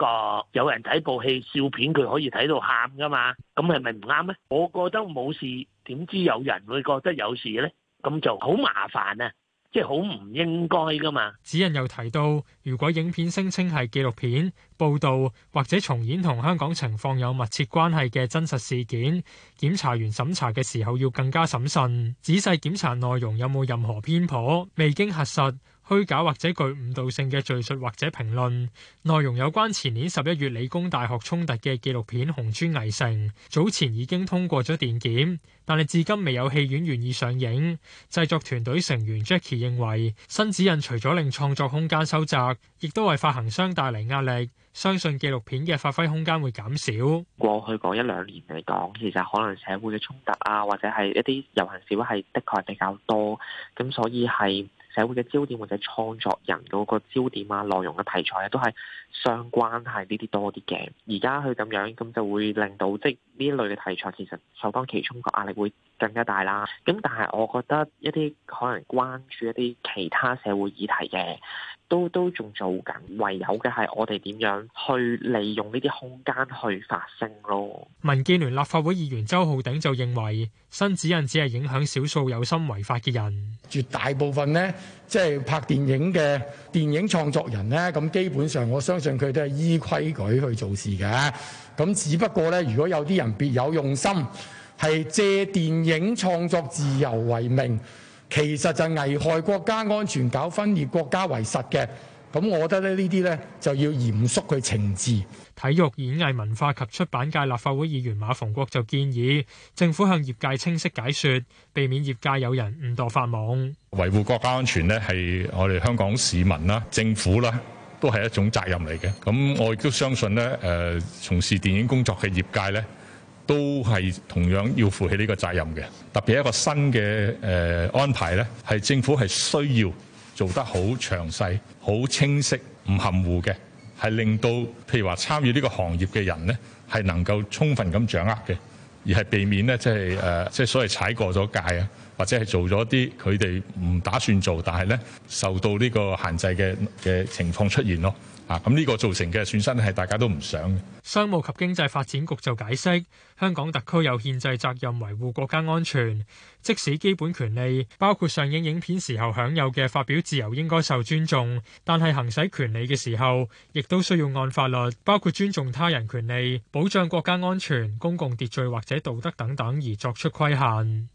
A: 有人睇部戲笑片，佢可以睇到喊噶嘛。咁係
L: 咪唔啱咧？我覺得冇事，點知有人會覺得有事咧？咁就好麻
J: 煩啊！即係好唔應該噶嘛。指引又提到，如果影片聲稱係紀錄片、報道或者重演同香港情況有密切關係嘅真實事件，檢查員審查嘅時候要更加審慎，仔細檢查內容有冇任何偏頗，未經核實。虛假或者具誤導性嘅敘述或者評論，內容有關前年十一月理工大學衝突嘅紀錄片《紅磚危城》，早前已經通過咗電檢，但係至今未有戲院願意上映。製作團隊成員 Jackie 認為，新指引除咗令創作空間收窄，亦都為發行商帶嚟壓力，相信紀錄片嘅發揮空間會減少。
G: 過去嗰一兩年嚟講，其實可能社會嘅衝突啊，或者係一啲遊行示威係的確比較多，咁所以係。社會嘅焦點或者創作人嗰個焦點啊，內容嘅題材啊，都係相關係呢啲多啲嘅。而家佢咁樣，咁就會令到即係呢類嘅題材，其實首當其衝個壓力會更加大啦，咁但係我覺得一啲可能關注一啲其他社會議題嘅，都都仲做緊，唯有嘅係我哋點樣去利用呢啲空間去發聲咯。
J: 民建聯立法會議員周浩鼎就認為，新指引只係影響少數有心違法嘅人，絕大部分咧即係拍電影嘅電影創作人咧，咁基本上我相信佢都係依規矩去做事嘅，咁只不過咧，如果有啲人別有用心。係借電影創作自由為名，其實就危害國家安全，搞分裂國家為實嘅。咁我覺得咧，呢啲呢，就要嚴肅去懲治。體育、演藝、文化及出版界立法會議員馬逢國就建議政府向業界清晰解說，避免業界有人誤墮法網。
I: 維護國家安全呢，係我哋香港市民啦、政府啦，都係一種責任嚟嘅。咁我亦都相信呢，誒，從事電影工作嘅業界呢。都係同樣要負起呢個責任嘅，特別一個新嘅誒、呃、安排呢，係政府係需要做得好詳細、好清晰、唔含糊嘅，係令到譬如話參與呢個行業嘅人呢，係能夠充分咁掌握嘅，而係避免呢，即係誒即係所謂踩過咗界啊，或者係做咗啲佢哋唔打算做，但係呢受到呢個限制嘅嘅情況出現咯。咁呢個造成嘅損失係大家都唔想
J: 嘅。商務及經濟發展局就解釋，香港特區有憲制責任維護國家安全，即使基本權利，包括上映影片時候享有嘅發表自由應該受尊重，但係行使權利嘅時候，亦都需要按法律，包括尊重他人權利、保障國家安全、公共秩序或者道德等等而作出規限。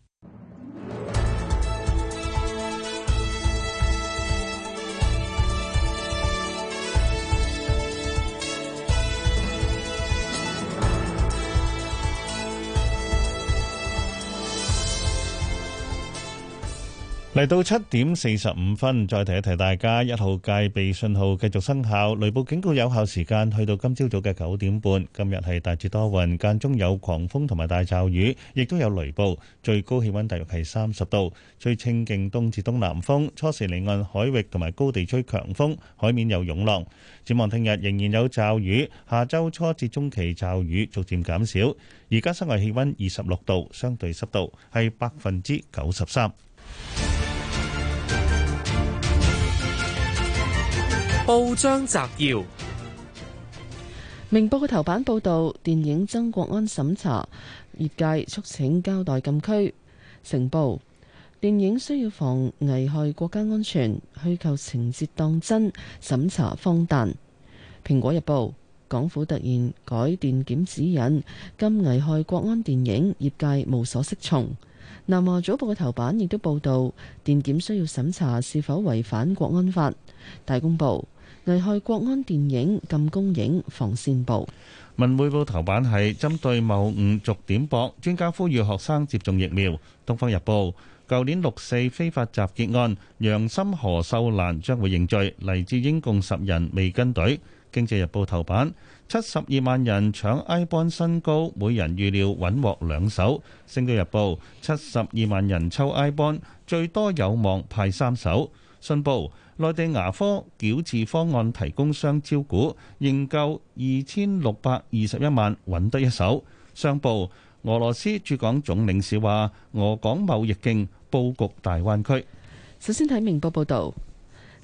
D: 嚟到七點四十五分，再提一提大家一號戒備信號繼續生效，雷暴警告有效時間去到今朝早嘅九點半。今日係大致多雲，間中有狂風同埋大驟雨，亦都有雷暴，最高氣溫大約係三十度，吹清勁東至東南風，初時離岸海域同埋高地吹強風，海面有湧浪。展望聽日仍然有驟雨，下周初至中期驟雨逐漸減少。而家室外氣溫二十六度，相對濕度係百分之九十三。報章摘要：
C: 明報嘅頭版報道電影增國安審查，業界促請交代禁區。成報電影需要防危害國家安全，虛構情節當真審查荒誕。蘋果日報港府突然改電檢指引，禁危害國安電影，業界無所適從。南華早報嘅頭版亦都報道電檢需要審查是否違反國安法。大公報。危害國安電影禁公映防散播。
D: 文匯報頭版係針對謬誤逐點播，專家呼籲學生接種疫苗。《東方日報》舊年六四非法集結案，楊森、何秀蘭將會認罪。嚟自英共十人未跟隊。《經濟日報》頭版七十二萬人搶 iBond 新高，每人預料穩獲兩手。《星島日報》七十二萬人抽 iBond，最多有望派三手。信報，內地牙科矯治方案提供商招股，認購二千六百二十一萬，穩得一手。商報。俄羅斯駐港總領事話，俄港貿易徑布局大灣區。
C: 首先睇明報報道。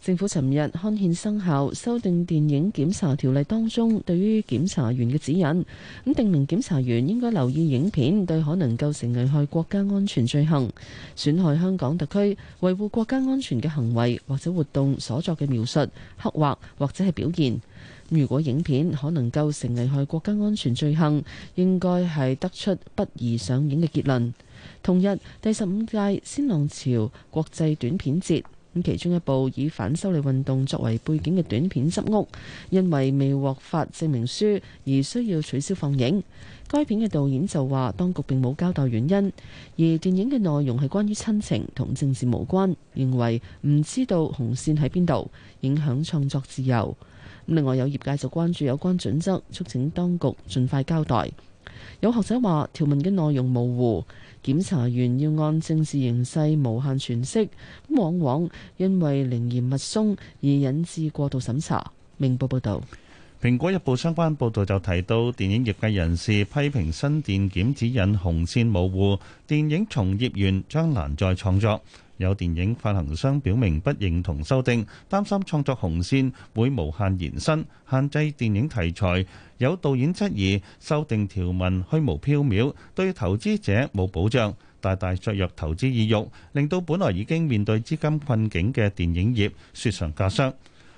C: 政府尋日刊憲生效，修訂電影檢查條例當中對於檢查員嘅指引，咁定明檢查員應該留意影片對可能構成危害國家安全罪行、損害香港特區、維護國家安全嘅行為或者活動所作嘅描述、刻畫或者係表現。如果影片可能構成危害國家安全罪行，應該係得出不宜上映嘅結論。同日，第十五屆鮮浪潮國際短片節。咁其中一部以反修例運動作為背景嘅短片《執屋》，因為未獲發證明書而需要取消放映。該片嘅導演就話：當局並冇交代原因，而電影嘅內容係關於親情同政治無關，認為唔知道紅線喺邊度，影響創作自由。另外有業界就關注有關準則，促請當局盡快交代。有學者話條文嘅內容模糊。檢查員要按政治形勢無限詮釋，往往因為寧嚴密鬆而引致過度審查。明報報導，
D: 蘋果日報相關報導就提到，電影業界人士批評新電檢指引紅線模糊，電影從業員將難再創作。有電影發行商表明不認同修訂，擔心創作紅線會無限延伸，限制電影題材。有導演質疑修訂條文虛無縹緲，對投資者冇保障，大大削弱投資意欲，令到本來已經面對資金困境嘅電影業雪上加霜。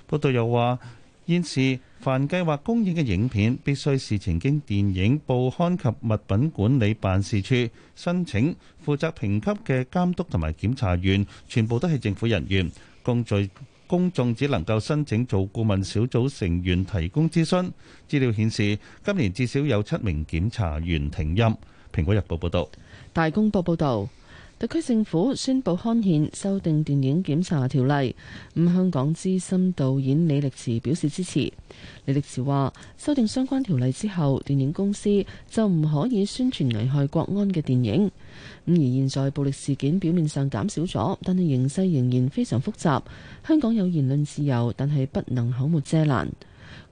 D: 報道又話。現時凡計劃公映嘅影片必須事前經電影、報刊及物品管理辦事處申請，負責評級嘅監督同埋檢查員全部都係政府人員，公眾公眾只能夠申請做顧問小組成員提供諮詢。資料顯示今年至少有七名檢查員停任。《蘋果日報》報道，
C: 《大公報》報道。特區政府宣布刊憲修訂電影檢查條例，咁香港資深導演李力持表示支持。李力持話：修訂相關條例之後，電影公司就唔可以宣傳危害國安嘅電影。咁而現在暴力事件表面上減少咗，但係形勢仍然非常複雜。香港有言論自由，但係不能口沒遮攔。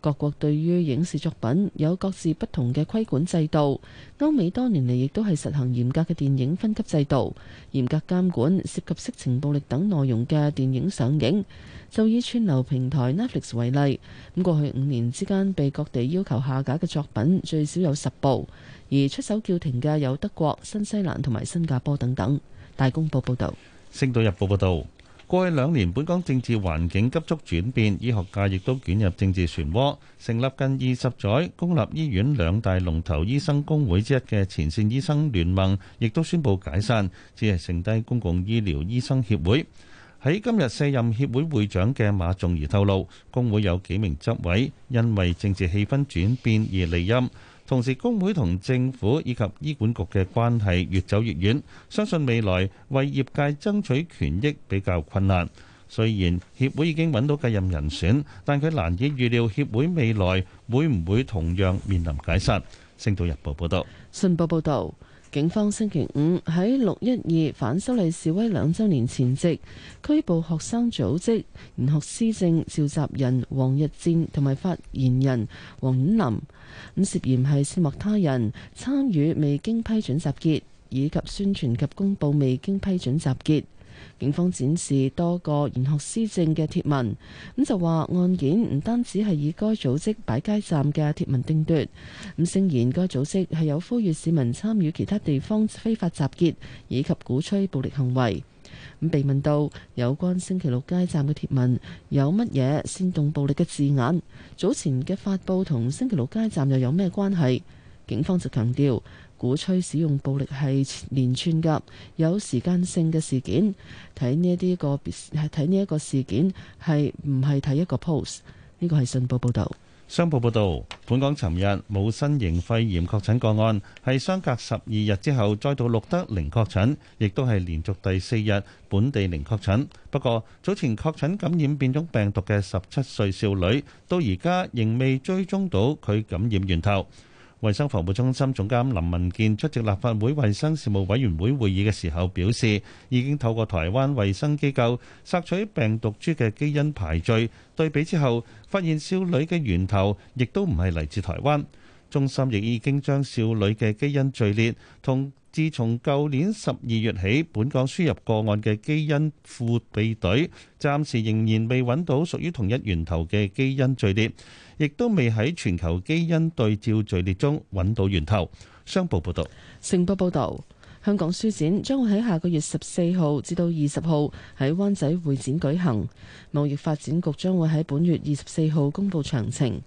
C: 各國對於影視作品有各自不同嘅規管制度，歐美多年嚟亦都係實行嚴格嘅電影分級制度，嚴格監管涉及色情、暴力等內容嘅電影上映。就以串流平台 Netflix 為例，咁過去五年之間被各地要求下架嘅作品最少有十部，而出手叫停嘅有德國、新西蘭同埋新加坡等等。大公報報導，
D: 星島日報報道。過去兩年，本港政治環境急速轉變，醫學界亦都捲入政治漩渦。成立近二十載、公立醫院兩大龍頭醫生公會之一嘅前線醫生聯盟，亦都宣布解散，只係剩低公共醫療醫生協會。喺今日卸任協會會長嘅馬仲儀透露，工會有幾名執委因為政治氣氛轉變而離任。同時，工會同政府以及醫管局嘅關係越走越遠，相信未來為業界爭取權益比較困難。雖然協會已經揾到繼任人選，但佢難以預料協會未來會唔會同樣面臨解散。星島日報報道，
C: 信報報道。警方星期五喺六一二反修例示威兩周年前夕拘捕學生組織，賢學思政召集人王逸戰同埋發言人黃沅琳，咁涉嫌係煽惑他人參與未經批准集結以及宣傳及公布未經批准集結。警方展示多個研學施政嘅貼文，咁就話案件唔單止係以該組織擺街站嘅貼文定奪，咁聲言該組織係有呼籲市民參與其他地方非法集結以及鼓吹暴力行為。咁被問到有關星期六街站嘅貼文有乜嘢煽動暴力嘅字眼，早前嘅發佈同星期六街站又有咩關係？警方就強調。鼓吹使用暴力係連串嘅，有時間性嘅事件，睇呢一啲個別，睇呢一個事件係唔係睇一個 post？呢個係信報報導，
D: 商報報導，本港尋日冇新型肺炎確診個案，係相隔十二日之後再度錄得零確診，亦都係連續第四日本地零確診。不過，早前確診感染變種病毒嘅十七歲少女，到而家仍未追蹤到佢感染源頭。衛生防護中心總監林文健出席立法會衛生事務委員會會議嘅時候表示，已經透過台灣衛生機構索取病毒株嘅基因排序對比之後，發現少女嘅源頭亦都唔係嚟自台灣。中心亦已經將少女嘅基因序列同自從舊年十二月起本港輸入個案嘅基因庫比對，暫時仍然未揾到屬於同一源頭嘅基因序列。亦都未喺全球基因對照序列中揾到源頭。商報報道，
C: 成報報道，香港書展將會喺下個月十四號至到二十號喺灣仔會展舉行。貿易發展局將會喺本月二十四號公布詳情。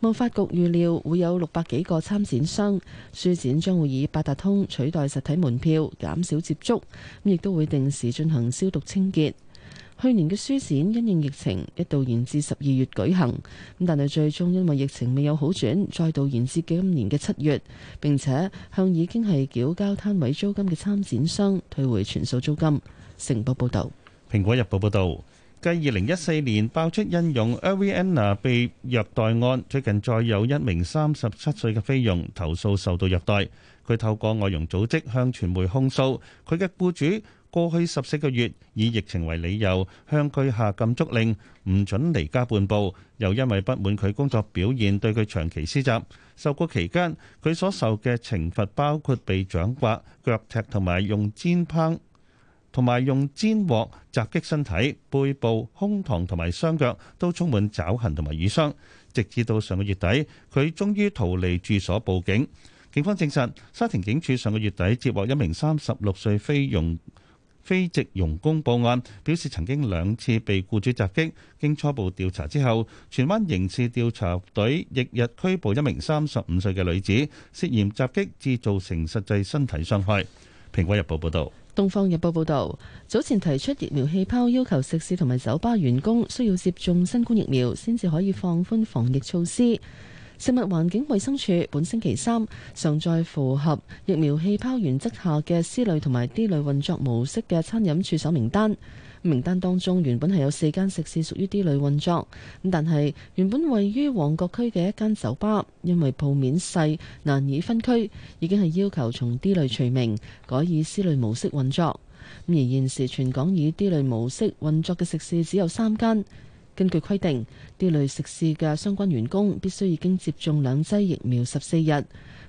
C: 貿發局預料會有六百幾個參展商，書展將會以八達通取代實體門票，減少接觸，亦都會定時進行消毒清潔。去年嘅書展因應疫情一度延至十二月舉行，咁但係最終因為疫情未有好轉，再度延至今年嘅七月。並且向已經係繳交攤位租金嘅參展商退回全數租金。成報報導，
D: 《蘋果日報》報導，繼2014年爆出印傭 Erwiana 被虐待案，最近再有一名三十七歲嘅菲傭投訴受到虐待。佢透過外傭組織向傳媒控訴，佢嘅僱主。過去十四個月，以疫情為理由向佢下禁足令，唔准離家半步。又因為不滿佢工作表現，對佢長期施襲。受過期間，佢所受嘅懲罰包括被掌摑、腳踢同埋用尖棒同埋用尖鑊襲擊身體。背部、胸膛同埋雙腳都充滿爪痕同埋瘀傷。直至到上個月底，佢終於逃離住所報警。警方證實，沙田警署上個月底接獲一名三十六歲菲傭。非籍傭工報案，表示曾經兩次被僱主襲擊。經初步調查之後，荃灣刑事調查隊翌日拘捕一名三十五歲嘅女子，涉嫌襲擊致造成實際身體傷害。蘋果日報報道、
C: 東方日報報道早前提出疫苗氣泡，要求食肆同埋酒吧員工需要接種新冠疫苗先至可以放寬防疫措施。食物環境衞生署本星期三常在符合疫苗氣泡原則下嘅 C 類同埋 D 類運作模式嘅餐飲處所名單名單當中，原本係有四間食肆屬於 D 類運作，但係原本位於旺角區嘅一間酒吧，因為鋪面細難以分區，已經係要求從 D 類除名，改以 C 類模式運作。而現時全港以 D 類模式運作嘅食肆只有三間。根據規定，呢類食肆嘅相關員工必須已經接種兩劑疫苗十四日。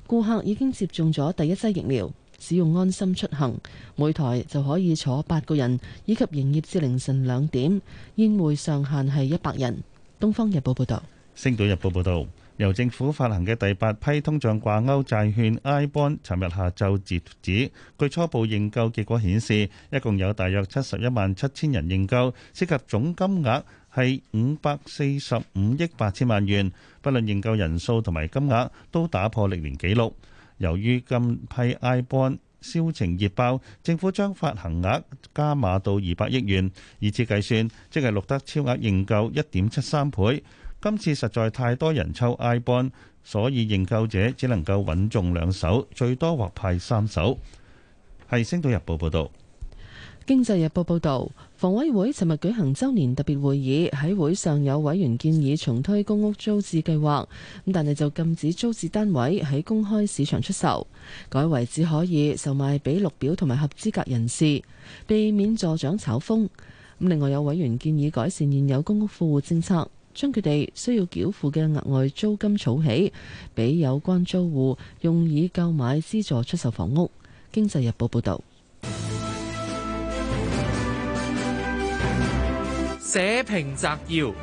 C: 顧客已經接種咗第一劑疫苗，使用安心出行，每台就可以坐八個人，以及營業至凌晨兩點。宴會上限係一百人。《東方日報》報導，
D: 《星島日報》報導，由政府發行嘅第八批通脹掛鉤債券 iBond，尋日下晝截止。據初步認購結果顯示，一共有大約七十一萬七千人認購，涉及總金額，係五百四十五億八千萬元，不論認購人數同埋金額都打破歷年紀錄。由於近批 I bond 銷情熱爆，政府將發行額加碼到二百億元，以此計算，即係錄得超額認購一點七三倍。今次實在太多人抽 I bond，所以認購者只能夠穩中兩手，最多獲派三手。係《星島日報》報道，
C: 《經濟日報》報道。房委會尋日舉行周年特別會議，喺會上有委員建議重推公屋租置計劃，咁但係就禁止租置單位喺公開市場出售，改為只可以售賣俾綠表同埋合資格人士，避免助長炒風。另外有委員建議改善現有公屋富戶政策，將佢哋需要繳付嘅額外租金儲起，俾有關租戶用以購買資助出售房屋。經濟日報報導。
H: 社評摘要：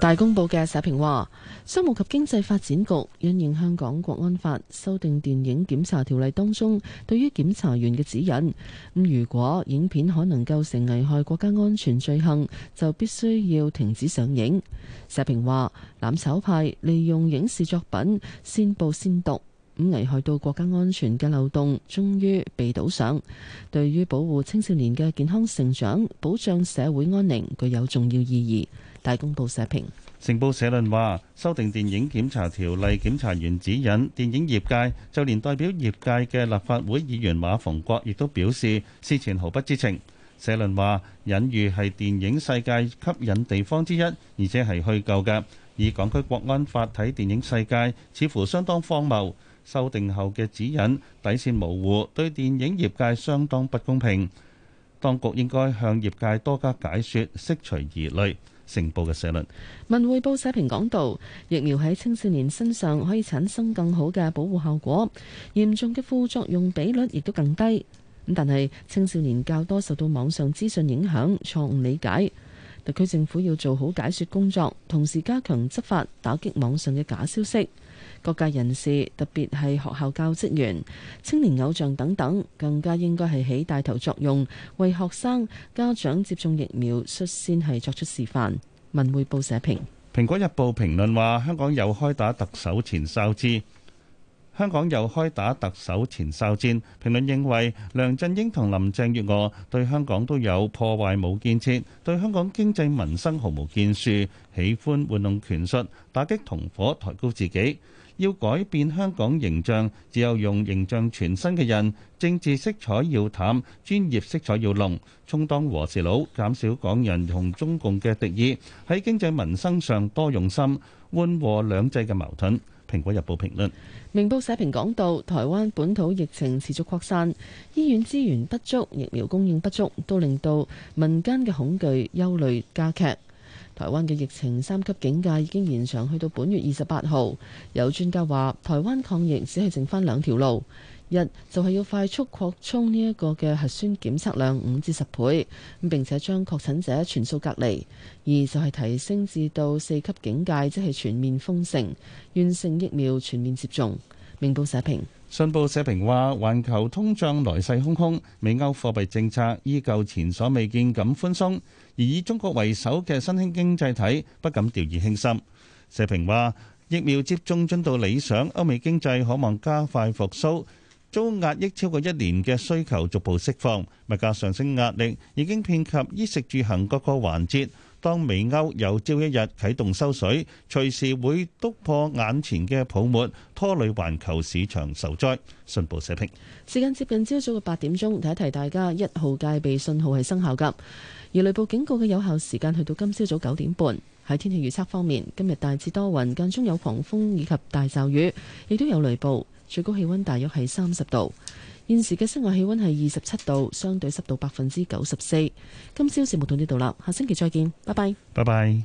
C: 大公報嘅社評話，商務及經濟發展局因應香港國安法修訂電影檢查條例當中，對於檢查員嘅指引，咁如果影片可能構成危害國家安全罪行，就必須要停止上映。社評話，攬炒派利用影視作品先播先讀。危害到國家安全嘅漏洞，終於被堵上。對於保護青少年嘅健康成長，保障社會安寧，具有重要意義。大公報社評，
D: 成報社論話，修訂電影檢查條例，檢查員指引電影業界，就連代表業界嘅立法會議員馬逢國，亦都表示事前毫不知情。社論話，隱喻係電影世界吸引地方之一，而且係虛構嘅。以港區國安法睇電影世界，似乎相當荒謬。修訂後嘅指引底線模糊，對電影業界相當不公平。當局應該向業界多加解説，釋除疑慮。成報嘅社論，
C: 文匯報社評講道：疫苗喺青少年身上可以產生更好嘅保護效果，嚴重嘅副作用比率亦都更低。咁但係青少年較多受到網上資訊影響，錯誤理解。特區政府要做好解説工作，同時加強執法，打擊網上嘅假消息。各界人士，特別係學校教職員、青年偶像等等，更加應該係起帶頭作用，為學生、家長接種疫苗，率先係作出示範。文匯報社評，
D: 《蘋果日報》評論話：香港又開打特首前哨戰。香港又開打特首前哨戰。評論認為，梁振英同林鄭月娥對香港都有破壞冇建設，對香港經濟民生毫無建樹，喜歡玩弄權術，打擊同伙，抬高自己。要改變香港形象，只有用形象全新嘅人，政治色彩要淡，專業色彩要濃，充當和事佬，減少港人同中共嘅敵意。喺經濟民生上多用心，
C: 緩和兩制嘅矛盾。《蘋果日報》評論，明報社評講到，台灣本土疫情持續擴散，醫院資源不足，疫苗供應不足，都令到民間嘅恐懼憂慮加劇。台灣嘅疫情三級警戒已經延長去到本月二十八號。有專家話，台灣抗疫只係剩返兩條路：一就係要快速擴充呢一個嘅核酸檢測量五至十倍，咁並且將確診者全數隔離；二就係提升至到四級警戒，即係全面封城，完成疫苗全面接種。明報社評。
D: 信報社評話，環球通脹來勢洶洶，美歐貨幣政策依舊前所未見咁寬鬆，而以中國為首嘅新興經濟體不敢掉以輕心。社評話，疫苗接種進度理想，歐美經濟可望加快復甦，遭壓抑超過一年嘅需求逐步釋放，物價上升壓力已經遍及衣食住行各個環節。當美歐有朝一日啟動收水，隨時會篤破眼前嘅泡沫，拖累環球市場受災。信報社評。
C: 時間接近朝早嘅八點鐘，提一提大家一號戒備信號係生效噶，而雷暴警告嘅有效時間去到今朝早九點半。喺天氣預測方面，今日大致多雲，間中有狂風以及大驟雨，亦都有雷暴，最高氣溫大約係三十度。現時嘅室外氣溫係二十七度，相對濕度百分之九十四。今朝節目到呢度啦，下星期再見，拜拜，
O: 拜拜。